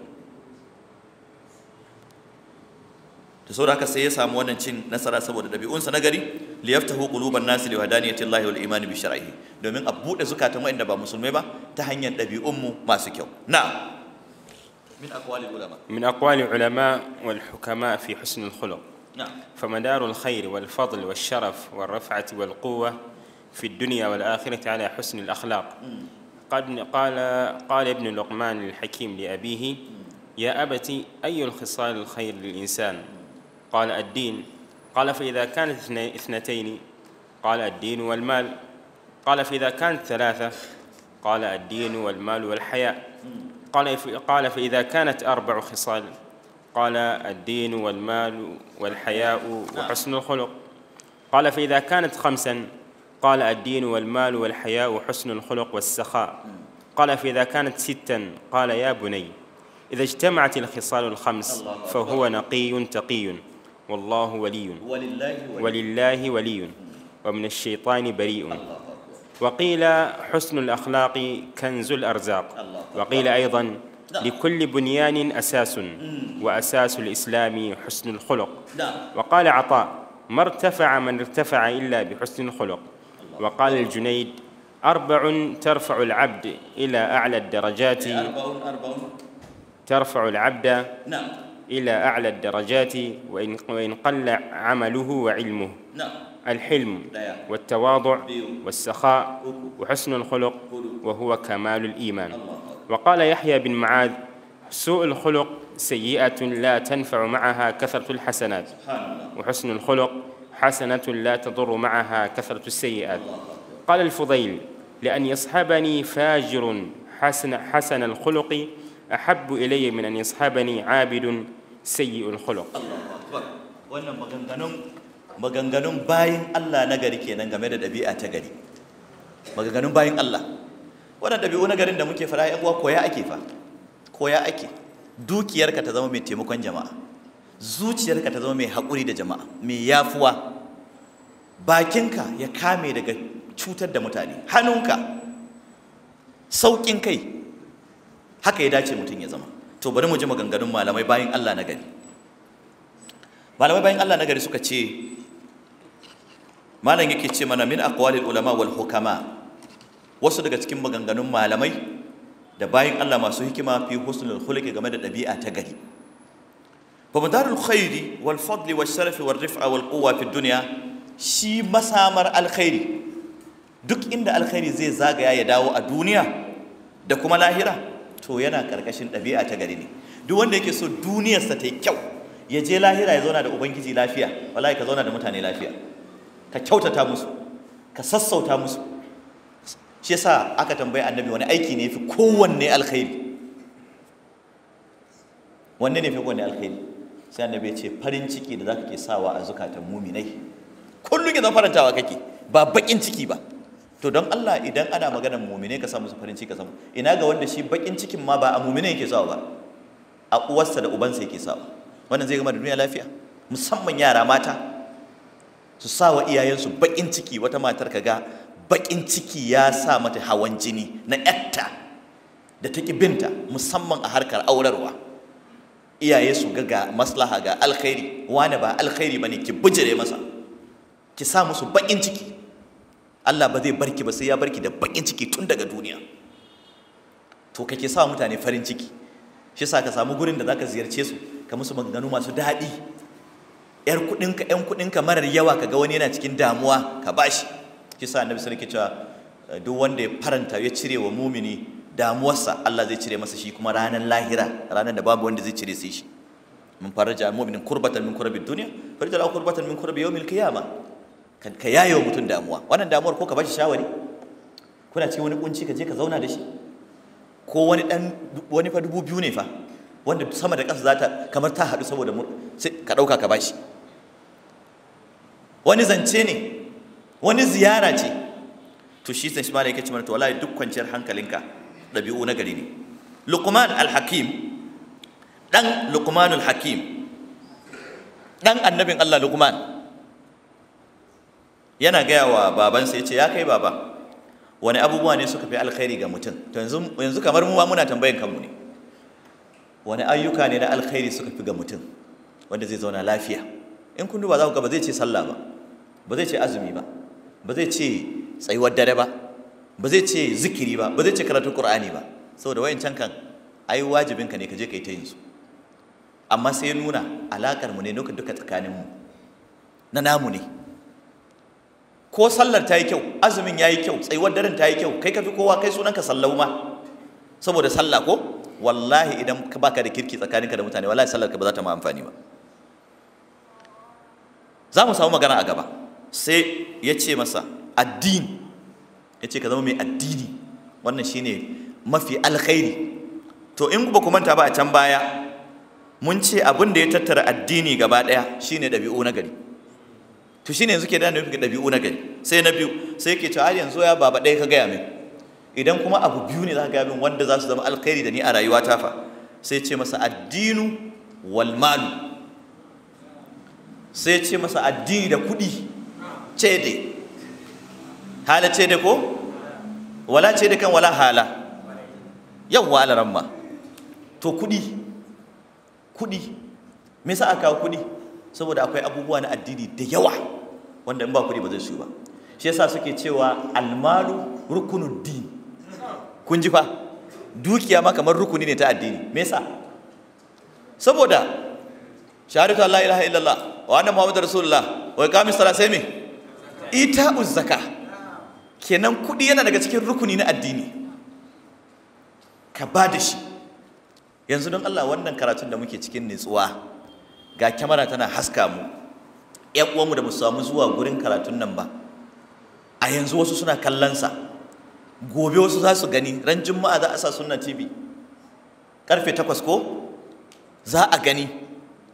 to saboda haka sai ya samu wannan cin nasara saboda ɗabi'unsa nagari li yaftahu quluban nas li liwadaniyati llahi wal iman bi shar'ihi domin a buɗe zukatan wanda ba musulmai ba ta hanyar ɗabi'un mu masu kyau na من أقوال العلماء من أقوال العلماء والحكماء في حسن الخلق نعم فمدار الخير والفضل والشرف والرفعة والقوة في الدنيا والآخرة على حسن الأخلاق قد قال قال ابن لقمان الحكيم لأبيه يا أبت أي الخصال الخير للإنسان قال الدين قال فإذا كانت اثنتين قال الدين والمال قال فإذا كانت ثلاثة قال الدين والمال والحياء قال قال فإذا كانت أربع خصال قال الدين والمال والحياء وحسن الخلق قال فإذا كانت خمسا قال الدين والمال والحياء وحسن الخلق والسخاء قال فإذا كانت ستا قال يا بني إذا اجتمعت الخصال الخمس فهو نقي تقي والله ولي ولله ولي ومن الشيطان بريء وقيل حسن الأخلاق كنز الأرزاق وقيل أيضا نعم. لكل بنيان أساس وأساس الإسلام حسن الخلق نعم. وقال عطاء ما ارتفع من ارتفع إلا بحسن الخلق وقال الجنيد أربع ترفع العبد إلى أعلى الدرجات إيه، أربع ترفع العبد نعم إلى أعلى الدرجات وإن, وإن قل عمله وعلمه نعم الحلم والتواضع والسخاء وحسن الخلق وهو كمال الإيمان وقال يحيى بن معاذ سوء الخلق سيئة لا تنفع معها كثرة الحسنات وحسن الخلق حسنة لا تضر معها كثرة السيئات قال الفضيل لأن يصحبني فاجر حسن, حسن الخلق أحب إلي من أن يصحبني عابد سيء الخلق wannan maganganun maganganun bayin Allah na gari kenan game da ɗabi'a ta gari maganganun bayin Allah wannan ɗabi'u na garin da muke fara yan uwa koya ake fa koya ake dukiyarka ta zama mai taimakon jama'a zuciyarka ta zama mai haƙuri da jama'a mai yafuwa bakinka ya kame daga cutar da mutane hannunka sauƙin kai haka ya dace mutum ya zama to bari mu ji maganganun malamai bayan Allah na gari malamai bayan Allah na gari suka ce malam yake ce mana min aqwalil ulama wal hukama wasu daga cikin maganganun malamai da bayan Allah masu hikima fi husnul khuluqi game da ɗabi'a ta gari فمدار الخير والفضل والشرف والرفعة والقوة في الدنيا shi masamar alkhairi duk inda alkhairi zai zagaya ya dawo a duniya da kuma lahira to yana karkashin ɗabi'a ta gari ne duk wanda yake so duniyarsa ta kyau ya je lahira ya zauna da ubangiji lafiya wallahi ka zauna da mutane lafiya ka kyautata musu ka sassauta musu shi yasa aka tambayi annabi wani aiki ne fi kowanne alkhairi wanne ne fi kowanne alkhairi sai annabi ya ce farin ciki da zaka ke sawa a zukatan muminai kullum ya zama farantawa kake ba bakin ciki ba to don Allah idan ana maganar muminai ka samu su farin ciki ka samu ina ga wanda shi bakin cikin ma ba a mumine yake sawa ba a uwarsa da ubansa yake sawa wannan zai gama da duniya lafiya musamman yara mata su sawa iyayensu bakin ciki wata matar ka ga bakin ciki ya sa mata hawan jini na yatta da take binta musamman a harkar aurarwa iyaye su ga ga maslaha ga alkhairi wani ba alkhairi bane ki bijire masa ki sa musu bakin ciki Allah ba zai barki ba sai ya barki da bakin ciki tun daga duniya to kake sa mutane farin ciki shi yasa ka samu gurin da zaka ziyarce su ka musu maganganu masu daɗi yar kuɗinka yan kuɗinka marar yawa kaga wani yana cikin damuwa ka bashi shi yasa annabi sarki cewa duk wanda ya faranta ya cire wa mumini damuwarsa Allah zai cire masa shi kuma ranar lahira ranar da babu wanda zai cire sai shi mun faraja mu'minin kurbatan min kurabi dunya faraja la kurbatan min kurabi yawmil qiyama kan ka yayo mutun damuwa wannan damuwar ko ka bashi shawari kuna cikin wani kunci ka je ka zauna da shi ko wani dan wani fa dubu biyu ne fa wanda sama da ƙasa zata kamar ta haɗu saboda mu sai ka ɗauka ka bashi wani zance ne wani ziyara ce to shi san shi malai yake cewa to wallahi duk kwanciyar hankalinka ɗabi'u na gari ne lukman al-hakim ɗan luqmanul hakim ɗan annabin allah Lukman, yana gaya wa babansa ya ce ya kai baba wani abubuwa ne suka fi alkhairi ga mutum to yanzu kamar mu muna tambayan kanmu ne wani ayyuka ne na alkhairi suka fi ga mutum wanda zai zauna lafiya in kun duba za ku ga ba zai ce sallah ba ba zai ce azumi ba ba zai ce tsayuwar dare ba ba zai ce zikiri ba ba zai ce karatun ƙur'ani ba saboda can kan ai wajibinka ne ka je ka yi ta yin su amma sai nuna alaƙar mu ne nuka duka tsakanin mu na namu ne ko sallar ta yi kyau azumin ya yi kyau tsayuwar daren ta yi kyau kai ka fi kowa kai sunan ka sallau ma saboda sallah ko wallahi idan ka baka da kirki tsakaninka da mutane wallahi sallar ka ba za ta ma amfani ba za mu samu magana a gaba sai ya ce masa addini ya ce ka zama mai addini wannan shine mafi alkhairi to in ba ku manta ba a can baya mun ce abin da ya tattara addini gaba ɗaya shine ɗabi'u na gari to shine yanzu ke da nufin ɗabi'u na gari sai na biyu sai ke cewa yanzu ya baba ɗaya ka gaya min idan kuma abu biyu ne za ka gaya min wanda za su zama alkhairi da ni a rayuwa ta fa sai ce masa addinu wal malu sai ce masa addini da kuɗi ce dai hala ce da ko wala ce da kan wala hala yawwa ala ramma to kudi kudi me yasa aka kudi saboda akwai abubuwa na addini da yawa wanda in ba kudi ba zai su ba shi yasa suke cewa almalu rukunud din kun ji fa dukiya ma kamar rukuni ne ta addini me yasa saboda shahadatu la ilaha illallah wa anna muhammadar rasulullah wa iqamis salat sai me ita uzzaka kenan kuɗi yana daga cikin rukuni na addini ka ba da shi yanzu don Allah wannan karatun da muke cikin nutsuwa ga kyamara tana haska mu ‘yan uwanmu da mu samu zuwa gurin karatun nan ba a yanzu wasu suna kallonsa gobe wasu za su gani ran juma'a za a sa sunna tv karfe takwas ko za a gani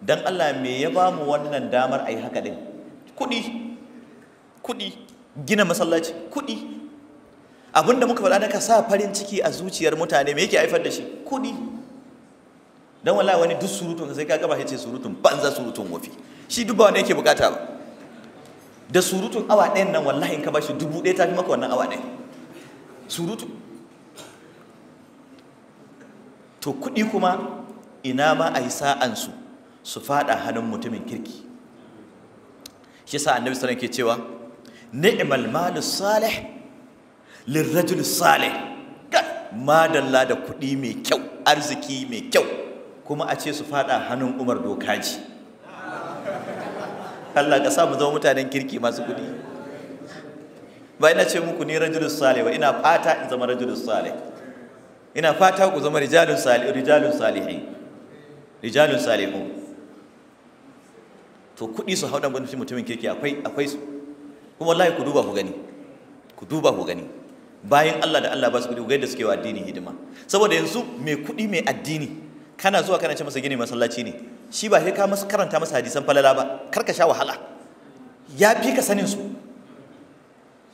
don Allah me ya ba mu wannan damar a yi haka ɗin kuɗi kuɗi gina masallaci kuɗi abinda muka faɗa ka sa farin ciki a zuciyar mutane me yake haifar da shi kuɗi Don wala wani duk surutun sai ka gaba ce surutun banza surutun wafi shi duk ba wanda yake bukata ba da surutun awa ɗayan nan wallahi in ka bashi dubu ɗaya ta fi maka wannan awa ɗaya surutu to kuɗi kuma ina ma a yi sa'ansu su faɗa hannun mutumin kirki shi sa annabi sallallahu ke cewa ni'mal malu salih lirajul salih madalla da kuɗi mai kyau arziki mai kyau kuma a ce su fada hannun umar dokaji Allah ka sa mu zama mutanen kirki masu kuɗi ba ina ce muku ni rajulun salih ba ina fata in zama rajulun salih ina fata ku zama rijalun salih rijalun salihin rijalun salihun to kuɗi su haudan mutumin kirki akwai akwai su kuma wallahi ku duba ku gani ku duba ku gani bayan Allah da Allah ba su kudi ku ga suke wa addini hidima saboda yanzu mai kudi mai addini kana zuwa kana ce masa gini masallaci ne shi ba sai ka masa karanta masa hadisan falala ba kar ka sha wahala ya fi ka sanin su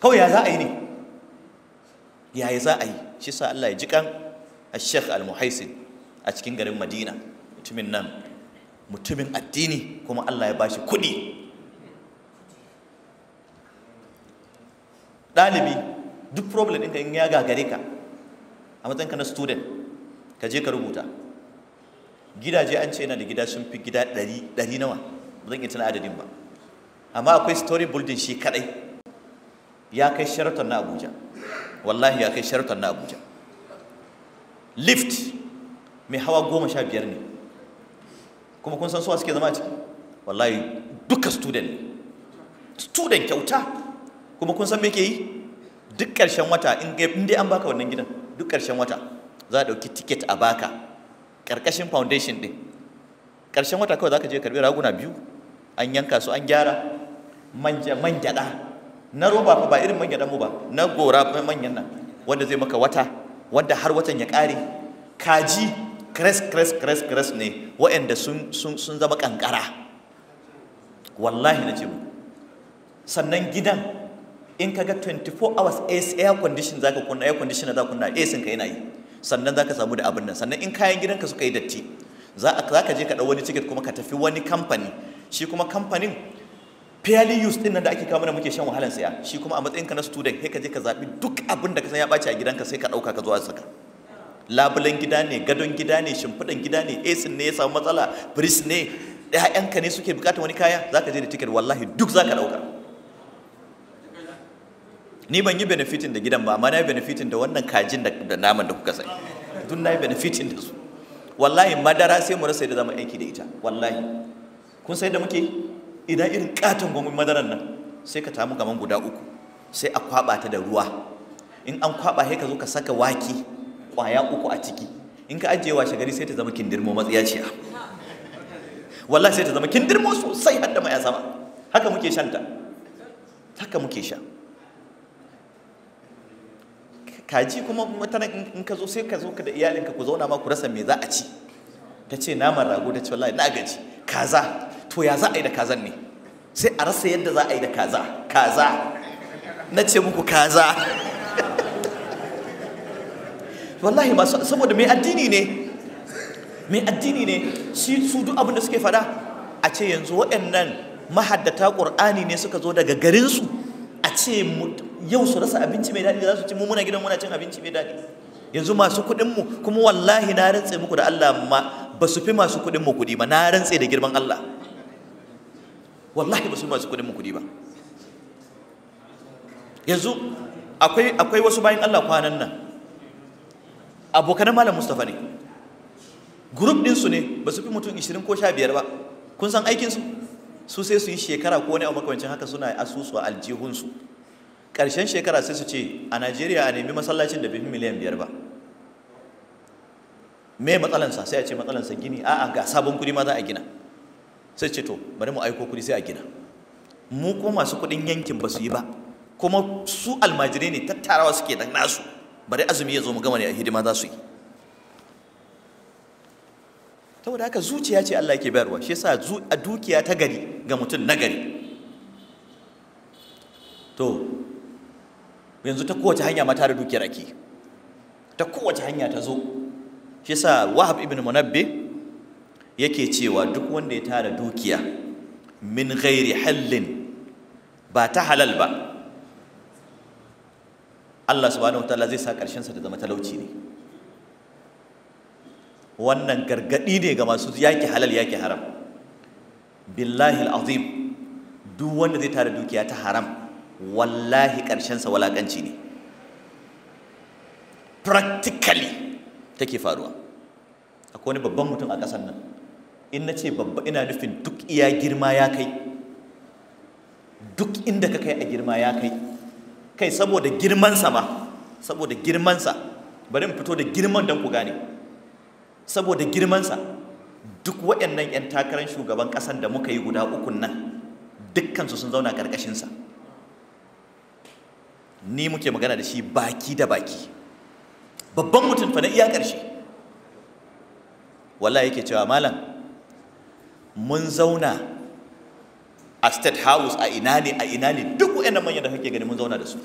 kawai ya za a yi ne yaya za a yi shi sa Allah ya ji kan Sheikh Al-Muhaisin a cikin garin Madina mutumin nan mutumin addini kuma Allah ya bashi kuɗi ɗalibi duk problem ɗinka in ya gagare ka a matsayinka na student ka je ka rubuta gidaje an ce yana da gida sun fi gida ɗari nawa ba zan iya tuna adadin ba amma akwai story building shi kaɗai ya kai Sharaton na abuja wallahi ya kai Sharaton na abuja lift mai hawa goma sha biyar ne kuma kun san suwa suke zama ciki wallahi duka student student kyauta kuma kun san me yake yi duk ƙarshen wata in dai an baka wannan gidan duk ƙarshen wata za a ɗauki tiket a baka ƙarƙashin foundation ɗin ƙarshen wata kawai za ka je karɓi raguna biyu an yanka su an gyara manja mangyaɗa na roba ba irin mangyaɗa mu ba na gora manyan nan wanda zai maka wata wanda har watan ya ƙare kaji kres kres kres kres ne waɗanda sun zama ƙanƙara wallahi na ce mu sannan gidan in ka ga 24 hours AC air condition za ka kunna air conditioner za ka kunna AC ka yana yi sannan za ka samu da abin nan sannan in kayan gidanka suka yi datti za ka je ka ɗau wani ticket kuma ka tafi wani kamfani shi kuma kamfanin fairly used din nan da ake kawo mana muke shan wahalan saya shi kuma a matsayin ka na student sai ka je ka zabi duk abin da ka san ya baci a gidanka sai ka dauka ka zo a saka labulan gida ne gadon gida ne shimfiɗan gida ne AC ne ya samu matsala bris ne ka ne suke bukatar wani kaya zaka je da ticket wallahi duk zaka dauka ni ban yi benefitin da gidan ba amma na yi benefitin da wannan kajin da naman da kuka sai tun na yi benefitin da su wallahi madara sai mu rasa da zama aiki da ita wallahi kun sai da muke idan irin katon gwamnati madaran nan sai ka tamu gaman guda uku sai a kwaba ta da ruwa in an kwaba sai ka zo ka saka waki kwaya uku a ciki in ka ajiye washe gari sai ta zama kindirmo matsiyaciya wallahi sai ta zama kindirmo sosai har da mayasa haka muke shanta haka muke sha kaji kuma mutane in ka zo sai ka zo ka da iyalinka ku zauna ma ku rasa me za a ci ta ce naman rago ta ce wallahi na gaji kaza to ya za a yi da kazan ne sai a rasa yadda za a yi da kaza kaza na ce muku kaza wallahi masu saboda mai addini ne mai addini ne shi su duk abin da suke fada a ce yanzu waɗannan mahaddata ƙur'ani ne suka zo daga garinsu ce yau su rasa abinci mai daɗi da za su ci mu muna gidan muna cin abinci mai daɗi yanzu masu mu kuma wallahi na rantse muku da Allah ma ba su fi masu kuɗin mu kuɗi ba na rantse da girman Allah wallahi ba su fi masu mu kuɗi ba yanzu akwai akwai wasu bayan Allah kwanan nan abokan malam Mustafa ne group din su ne ba su fi mutum 20 ko 15 ba kun san aikin su su sai su yi shekara ko ne a makamancin haka suna asusu a aljihunsu ƙarshen shekara sai su ce a najeriya a nemi masallacin da bi miliyan biyar ba me matsalansa sai a ce matsalansa gini a'a ga sabon kudi ma za a gina sai ce to bari mu aiko kudi sai a gina mu ko masu kuɗin yankin ba su yi ba kuma su almajirai ne tattarawa suke dan nasu bari azumi ya zo mu gama ne a hidima za su yi Ta saboda haka zuciya ce Allah ke bayarwa shi yasa a dukiya ta gari ga mutum na gari to yanzu ta kowace hanya ma tare dukiyar ake ta kowace hanya ta zo shi sa wahab ibn munabbi yake cewa duk wanda ya tara dukiya min ghairi hallin ba ta halal ba Allah subhanahu wataala zai sa karshen sa da zama talauci ne wannan gargaɗi ne ga masu yaƙi halal yaƙi haram billahi alazim duk wanda zai tara dukiya ta haram wallahi ƙarshen sa walaƙanci ne practically take faruwa akwai wani babban mutum a ƙasar nan in na ce babba ina nufin duk iya girma ya kai duk inda ka kai a girma ya kai kai saboda girmansa ma saboda girmansa bari mu fito da girman don ku gane saboda girmansa duk waɗannan 'yan takarar shugaban ƙasar da muka yi guda ukun nan dukkansu sun zauna ƙarƙashinsa ni muke magana da shi baki da baki babban mutum fa na iya ƙarshe wallahi yake cewa malam mun zauna a state house a ina ne a ina ne duk wa'annan manyan da kake gani mun zauna da su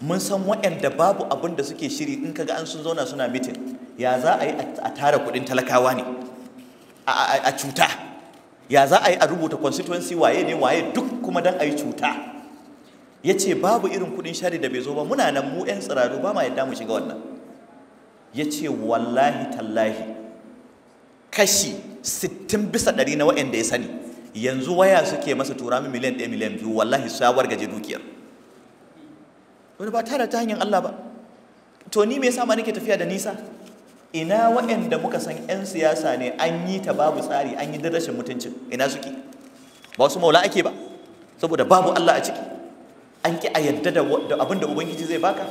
mun san da babu abin da suke shiri in kaga an sun zauna suna mitin ya za a yi a tara kuɗin talakawa ne a cuta ya za a yi a rubuta constituency waye ne waye duk kuma don a yi cuta ya ce babu irin kudin shari da bai zo ba muna nan mu 'yan tsiraru ba ma yadda mu shiga wannan ya ce wallahi tallahi kashi 60 bisa ɗari na wa'anda ya sani yanzu waya suke masa tura min miliyan ɗaya miliyan biyu wallahi sabuwar wargaje dukiyar wani ba tare ta hanyar Allah ba to ni me yasa ma nake tafiya da nisa ina wa'anda muka san 'yan siyasa ne an yi ta babu tsari an yi da rashin mutuncin ina suke ba su maula ake ba saboda babu Allah a ciki an ki a yadda da abin da ubangiji zai baka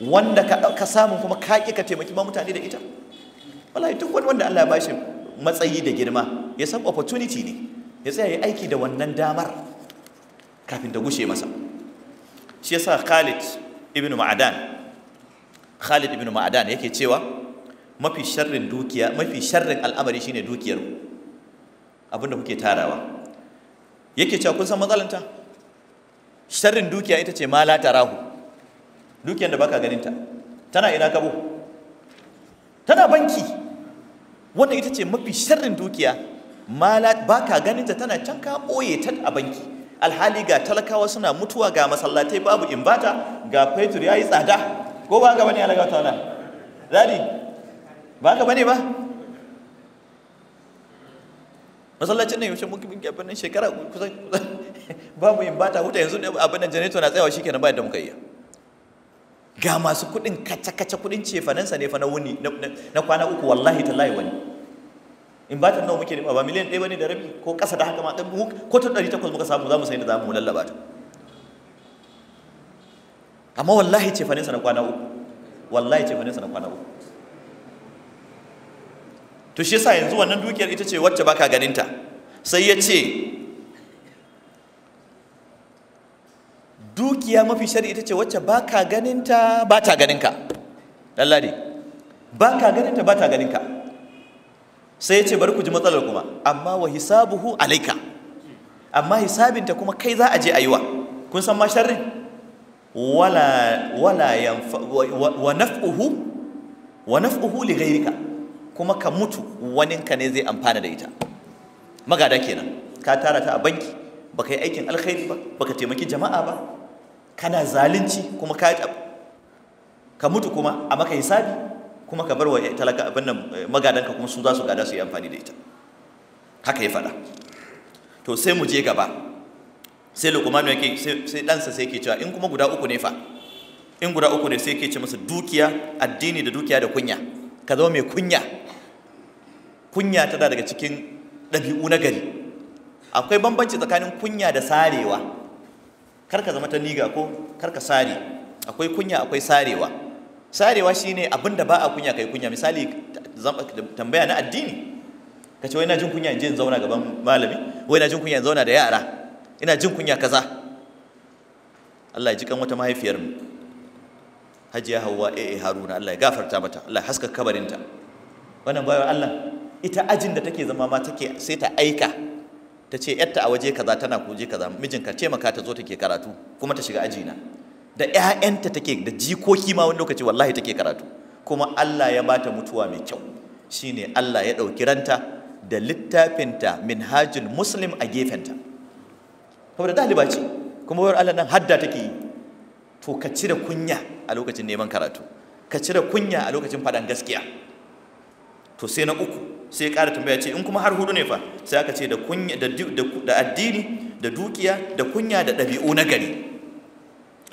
wanda ka samu kuma ka ki ka taimaki ma mutane da ita wallahi duk wani wanda Allah ya bashi matsayi da girma ya san opportunity ne ya tsaya ya aiki da wannan damar kafin ta gushe masa shi yasa Khalid ibn Ma'adan Khalid ibn Ma'adan yake cewa mafi sharrin dukiya mafi sharrin al'amari shine dukiyar abinda kuke tarawa yake cewa kun san matsalanta sharrin dukiya ita ce ma la dukiyar da baka ganinta tana ina kabo tana banki wanda ita ce mafi sharrin dukiya ma la baka ganinta tana can ka boye ta a banki alhali ga talakawa suna mutuwa ga masallatai babu imbata ga fetur yayi tsada ko ba ga bane alaga tana zadi ba ka bane ba masallacin ne yaushe mun kibin shekara kusan babu yin bata huta yanzu abin da janareto na tsayawa shikenan ba yadda muka iya ga masu kuɗin kace-kace kuɗin cefanensa ne fa na wuni na kwana uku wallahi tallahi wani in bata nawa muke nema ba miliyan ɗaya wani da rabi ko ƙasa da haka ma ɗan ko ta ɗari takwas muka samu za mu sayi da za mu lallaba ta amma wallahi cefanensa na kwana uku wallahi cefanensa na kwana uku to shi yasa yanzu wannan dukiyar ita ce wacce baka ganinta sai ya ce dukiya mafi shari'a ita ce wacce ba ka ganinta ba ta ganinka ɗallari ba ka ganinta ba ta ganinka sai ya ce bari ku ji matsalar kuma amma wa hisabuhu alaika amma hisabinta kuma kai za a je a yi wa kun san ma sharrin wala wala yanfa wa naf'uhu wa naf'uhu li ghayrika kuma ka mutu waninka ne zai amfana da ita magada kenan ka tara ta a banki baka yi aikin alkhairi ba baka taimaki jama'a ba kana zalunci kuma ka ka mutu kuma a maka hisabi kuma ka bar wa talaka abin nan eh, magadanka kuma su za su gada su yi amfani da ita haka ya faɗa to sai mu je gaba sai luqmanu yake sai ɗansa sai yake cewa in kuma guda uku ne fa in guda uku ne sai yake ce masa dukiya addini da dukiya da kunya ka zama mai kunya kunya tana daga cikin ɗabi'u na gari akwai bambanci tsakanin kunya da sarewa kar ka zama ta niga ko kar ka sare akwai kunya akwai sarewa sarewa shine abin da ba a kunya kai kunya misali tambaya na addini kace wai na jin kunya in je in zauna gaban malami wai na jin kunya in zauna da yara ina jin kunya kaza Allah ya ji kan wata mahaifiyar mu Hajiya Hauwa eh, eh Haruna Allah ya gafarta mata Allah ya haska kabarinta wannan bayan Allah ita ajin da take zama ma take sai ta aika ta ce yatta a waje kaza tana kuje kaza mijinka taimaka ta zo take karatu kuma ta shiga ajina da ƴaƴanta take da jikoki ma wani lokaci wallahi take karatu kuma Allah ya bata mutuwa mai kyau shine Allah ya ɗauki ranta da littafinta minhajul muslim a gefenta saboda ɗaliba ce kuma wayar Allah nan hadda take yi to ka cire kunya a lokacin neman karatu ka cire kunya a lokacin faɗan gaskiya to sai na uku sai ƙara tambaya ce in kuma har hudu ne fa sai aka ce da kunya da addini da dukiya da kunya da ɗabi'u na gari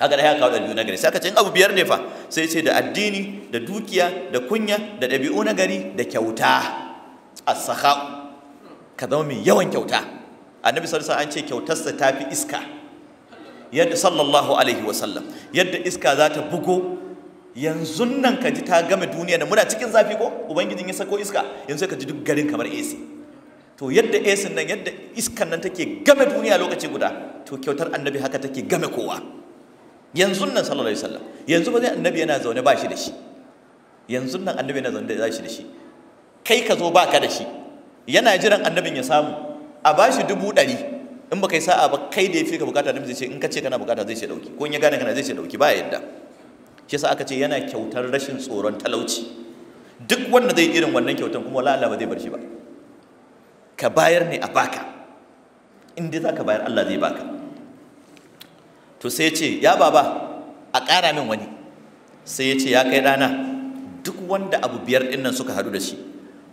haka ɗaya kawo ɗabi'u na gari sai aka ce in abu biyar ne fa sai ce da addini da dukiya da kunya da ɗabi'u na gari da kyauta as-sakha ka zama mai yawan kyauta annabi sallallahu alaihi wasallam an ce kyautarsa ta fi iska yadda sallallahu alaihi wasallam yadda iska za ta bugo yanzu nan ka ji ta game duniya da muna cikin zafi ko ubangijin ya sako iska yanzu ka ji duk garin kamar AC to yadda AC nan yadda iskan nan take game duniya lokaci guda to kyautar annabi haka take game kowa yanzu nan sallallahu alaihi wasallam yanzu ba zai annabi yana zaune ba shi da shi yanzu nan annabi yana zaune da shi da shi kai ka zo baka da shi yana jiran annabin ya samu a bashi dubu ɗari in baka yi sa'a ba kai da ya fi ka bukata da zai ce in ka ce kana bukata zai ce dauki ko in ya gane kana zai ce dauki ba yadda shi yasa aka ce yana kyautar rashin tsoron talauci duk wanda zai irin wannan kyautar kuma wala Allah ba zai bar shi ba ka bayar ne a baka in dai zaka bayar Allah zai baka to sai ya ce ya baba a ƙara min wani sai ya ce ya kai rana, duk wanda abu biyar ɗin nan suka hadu da shi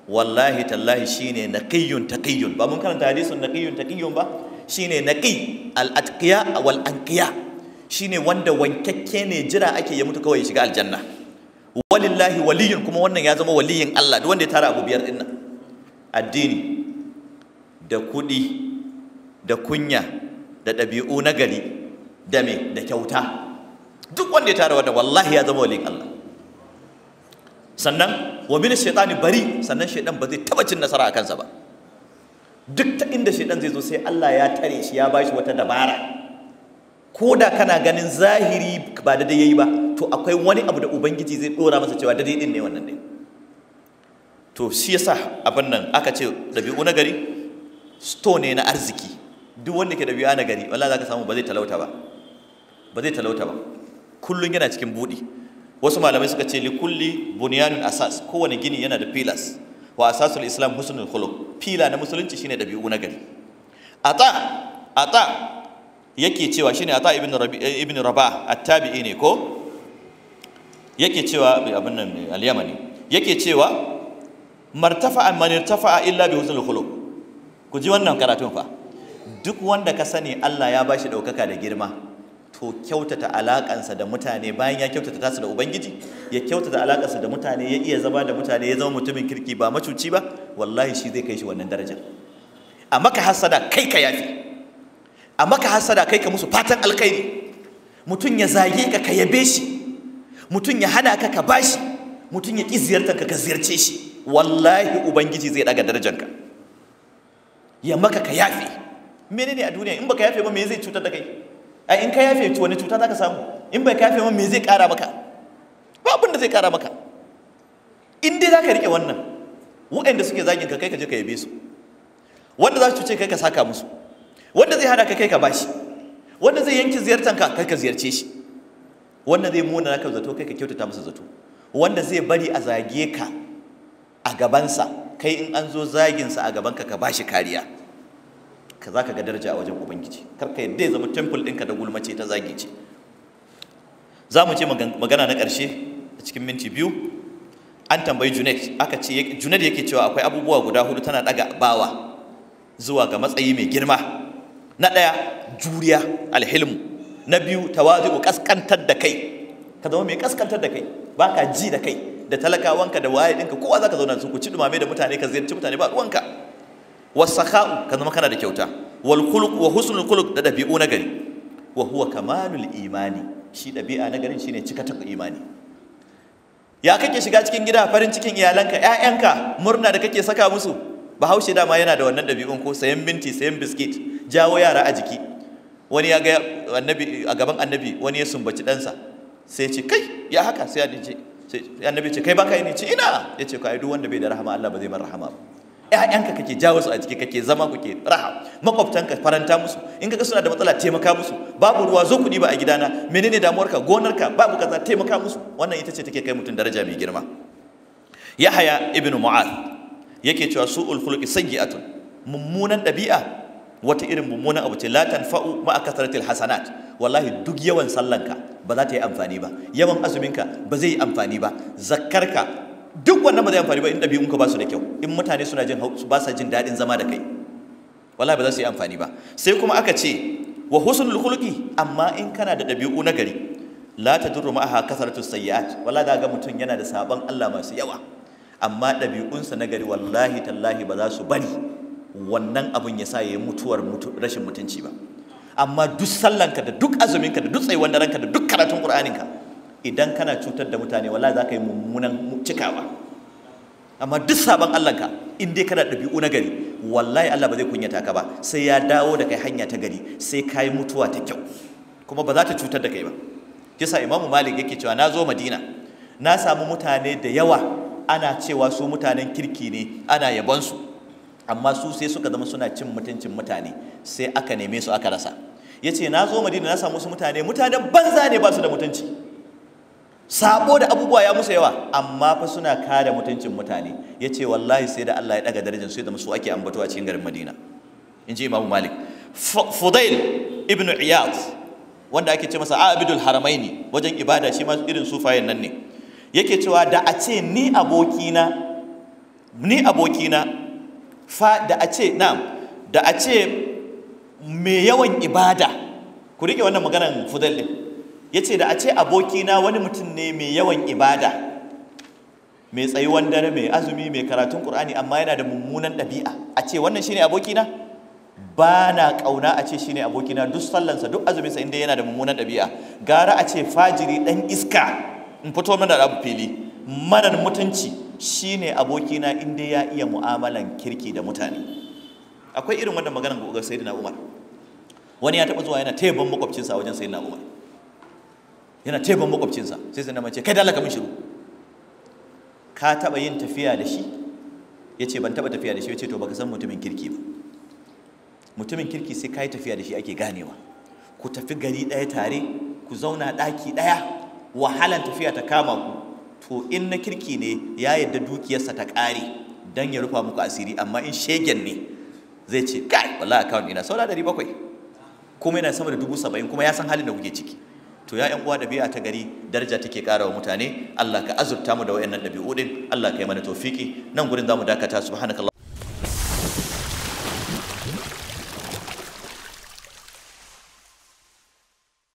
wallahi tallahi shine ta taqiyyun ba mun karanta hadisin ta taqiyyun ba shine naqi al atqiya wal anqiya shine wanda wankakke ne jira ake ya mutu kawai ya shiga aljanna walillahi waliyun kuma wannan ya zama waliyin Allah duk wanda ya tara abu biyar din nan addini da kuɗi da kunya da ɗabi'u na gari da me da kyauta duk wanda ya tara wanda, wallahi ya zama waliyin Allah sannan wa min shaitani bari sannan shaitan ba zai taba cin nasara a kansa ba duk ta inda shaitan zai zo sai Allah ya tare shi ya bashi wata dabara ko da kana ganin zahiri ba da yayi ba to akwai wani abu da ubangiji zai dora masa cewa daidai din ne wannan din to shi yasa abin nan aka ce dabi'u na gari stone ne na arziki duk wanda ke dabi'a na gari wallahi zaka samu ba zai talauta ba ba zai talauta ba kullun yana cikin budi wasu malamai suka ce likulli bunyanun asas kowane gini yana da pillars wa asasul islam husnul khuluq fila na musulunci shine dabi'u na gari ata ata yake cewa shine ata ibn rabi eh, ibn rabah at-tabi'i ne ko yake cewa eh, abin nan eh, al-yamani yake cewa martafa'a man irtafa'a illa bi husnul khuluq ku ji wannan karatun fa duk wanda ka sani Allah ya ba shi ɗaukaka da girma to kyautata alakansa da mutane bayan ya kyautata tasu da ubangiji ya kyautata alakansa da mutane ya iya zama da mutane ya zama mutumin kirki ba macuci ba wallahi shi zai kai shi wannan darajar A maka hasada kai ka yafi a maka hasada kai ka musu fatan alkhairi mutum ya zage ka ka yabe shi mutum ya hana ka ka bashi mutum ya ƙi ziyartar ka ka ziyarce shi wallahi ubangiji zai daga darajanka ya maka ka yafe menene a duniya in baka yafe ba me zai cutar da kai a in ka yafe to wani cuta zaka samu in bai ka yafe ba me zai kara maka ba abin da zai kara maka in dai zaka rike wannan waɗanda suke zagin ka kai ka je ka yabe su wanda za su cuce kai ka saka musu wanda zai hada ka kai ka bashi wanda zai yanki ziyartar ka kai ka ziyarce shi wanda zai muna ka zato kai ka kyautata masa zato wanda zai bari a zage ka a gabansa kai in an zo zaginsa a gabanka ka bashi kariya ka za ka ga daraja a wajen ubangiji kar ka yadda ya zama temple ɗinka da gulmace ta zage ce za mu ce magana na ƙarshe a cikin minti biyu an tambayi junet aka ce junet yake cewa akwai abubuwa guda hudu tana ɗaga bawa zuwa ga matsayi mai girma na ɗaya juriya alhilmu na biyu tawazu kaskantar da kai ka zama mai kaskantar da kai ba ka ji da kai da talakawanka da waye ɗinka kowa za ka zauna su ku ci dumame da mutane ka ziyarci mutane ba ruwanka wasakha'u ka zama kana da kyauta wal khuluq wa husnul khuluq da dabi'u na gari wa huwa kamalul imani shi dabi'a na garin shine cika ta imani ya kake shiga cikin gida farin cikin iyalanka ƴaƴanka murna da kake saka musu bahaushe dama yana da wannan dabi'un ko sayan minti sayan biskit jawo yara a jiki wani ya ga annabi a gaban annabi wani ya sumbaci ɗansa sai ce kai ya haka sai annabi ce annabi ce kai baka yi ne ce ina ya ce kai duk wanda bai da rahama Allah ba zai bar rahama ba ƴaƴanka kake jawo su a jiki kake zama kuke raha makwabtanka faranta musu in kaga suna da matsala taimaka musu babu ruwa zo kuɗi ba a gidana menene damuwarka gonarka babu kaza taimaka musu wannan ita ce take kai mutum daraja mai girma yahaya ibn mu'az yake cewa su'ul khuluqi sayyi'atun mummunan ɗabi'a wata irin mummunan abu ce la tanfa'u ma kasratil hasanat wallahi duk yawan sallanka ba za ta yi amfani ba yawan azuminka ba zai yi amfani ba zakkarka duk wannan ba zai amfani ba in ɗabi'unka ba su da kyau in mutane suna jin ba sa jin daɗin zama da kai wallahi ba za su yi amfani ba sai kuma aka ce wa husnul khuluqi amma in kana da ɗabi'u nagari. gari la tadurru ma'aha kasratu sayyi'at wallahi da ga mutum yana da sabon Allah masu yawa amma ɗabi'unsa nagari gari wallahi tallahi ba za su bani. wannan abin ya sa ya yi mutuwar rashin mutunci ba amma duk sallanka da duk azuminka da duk tsayuwar ranka da duk karatun ƙur'aninka. idan kana cutar da mutane wala za ka yi mummunan cikawa amma duk sabon allahnka in dai kana ɗabi'u na gari wallahi allah ba zai kunyata ka ba sai ya dawo da kai hanya ta gari sai ka yi mutuwa ta kyau kuma ba za ta cutar da kai ba kisa imamu malik yake cewa na zo madina na samu mutane da yawa ana cewa su mutanen kirki ne ana yabon su. amma su sai suka zama suna cin mutuncin mutane sai aka neme su aka rasa ya ce na zo madina na samu su mutane mutanen banza ne ba su da mutunci sabo da abubuwa ya musu yawa amma fa suna kare mutuncin mutane ya ce wallahi sai da Allah ya daga darajar sai da musu ake ambato a cikin garin madina in ji imamu malik fudail ibn iyad wanda ake ce masa abidul haramaini wajen ibada shi ma irin sufayen nan ne yake cewa da a ce ni abokina ni abokina fa da a ce na da a ce mai yawan ibada ku rike wannan maganar fudal ya yace da a ce abokina wani mutum ne mai yawan ibada mai tsayuwan dare mai azumi mai karatun ƙurani amma yana da mummunan ɗabi'a a ce wannan shine abokina ba na ƙauna a ce shine abokina duk sallansa duk azuminsa inda yana da mummunan ɗabi'a gara a ce fajiri ɗan iska in fito mana da abu fili manan mutunci Shi ne abokina inda ya iya mu'amalan kirki da mutane akwai irin wannan maganar ga sayyidina Umar wani ya taɓa zuwa yana teban makwabcinsa wajen sayyidina Umar yana teban makwabcinsa sai sayyidina mace kai da Allah ka min shiru ka taɓa yin tafiya da shi yace ban taɓa tafiya da shi yace to baka san mutumin kirki ba mutumin kirki sai kai tafiya da shi ake ganewa ku tafi gari ɗaya tare ku zauna ɗaki ɗaya wahalan tafiya ta kama ku to in na kirki ne ya yadda dukiyarsa ta ƙare don ya rufa muku asiri amma in shegen ne zai ce kai wallahi account ina saura dari bakwai kuma yana sama da dubu saba'in kuma ya san halin da kuke ciki to ya 'yan uwa biya ta gari daraja take karawa mutane Allah ka azurta mu da wayannan ɗabi'u din Allah ka yi mana tawfiki nan gurin zamu dakata subhanakallah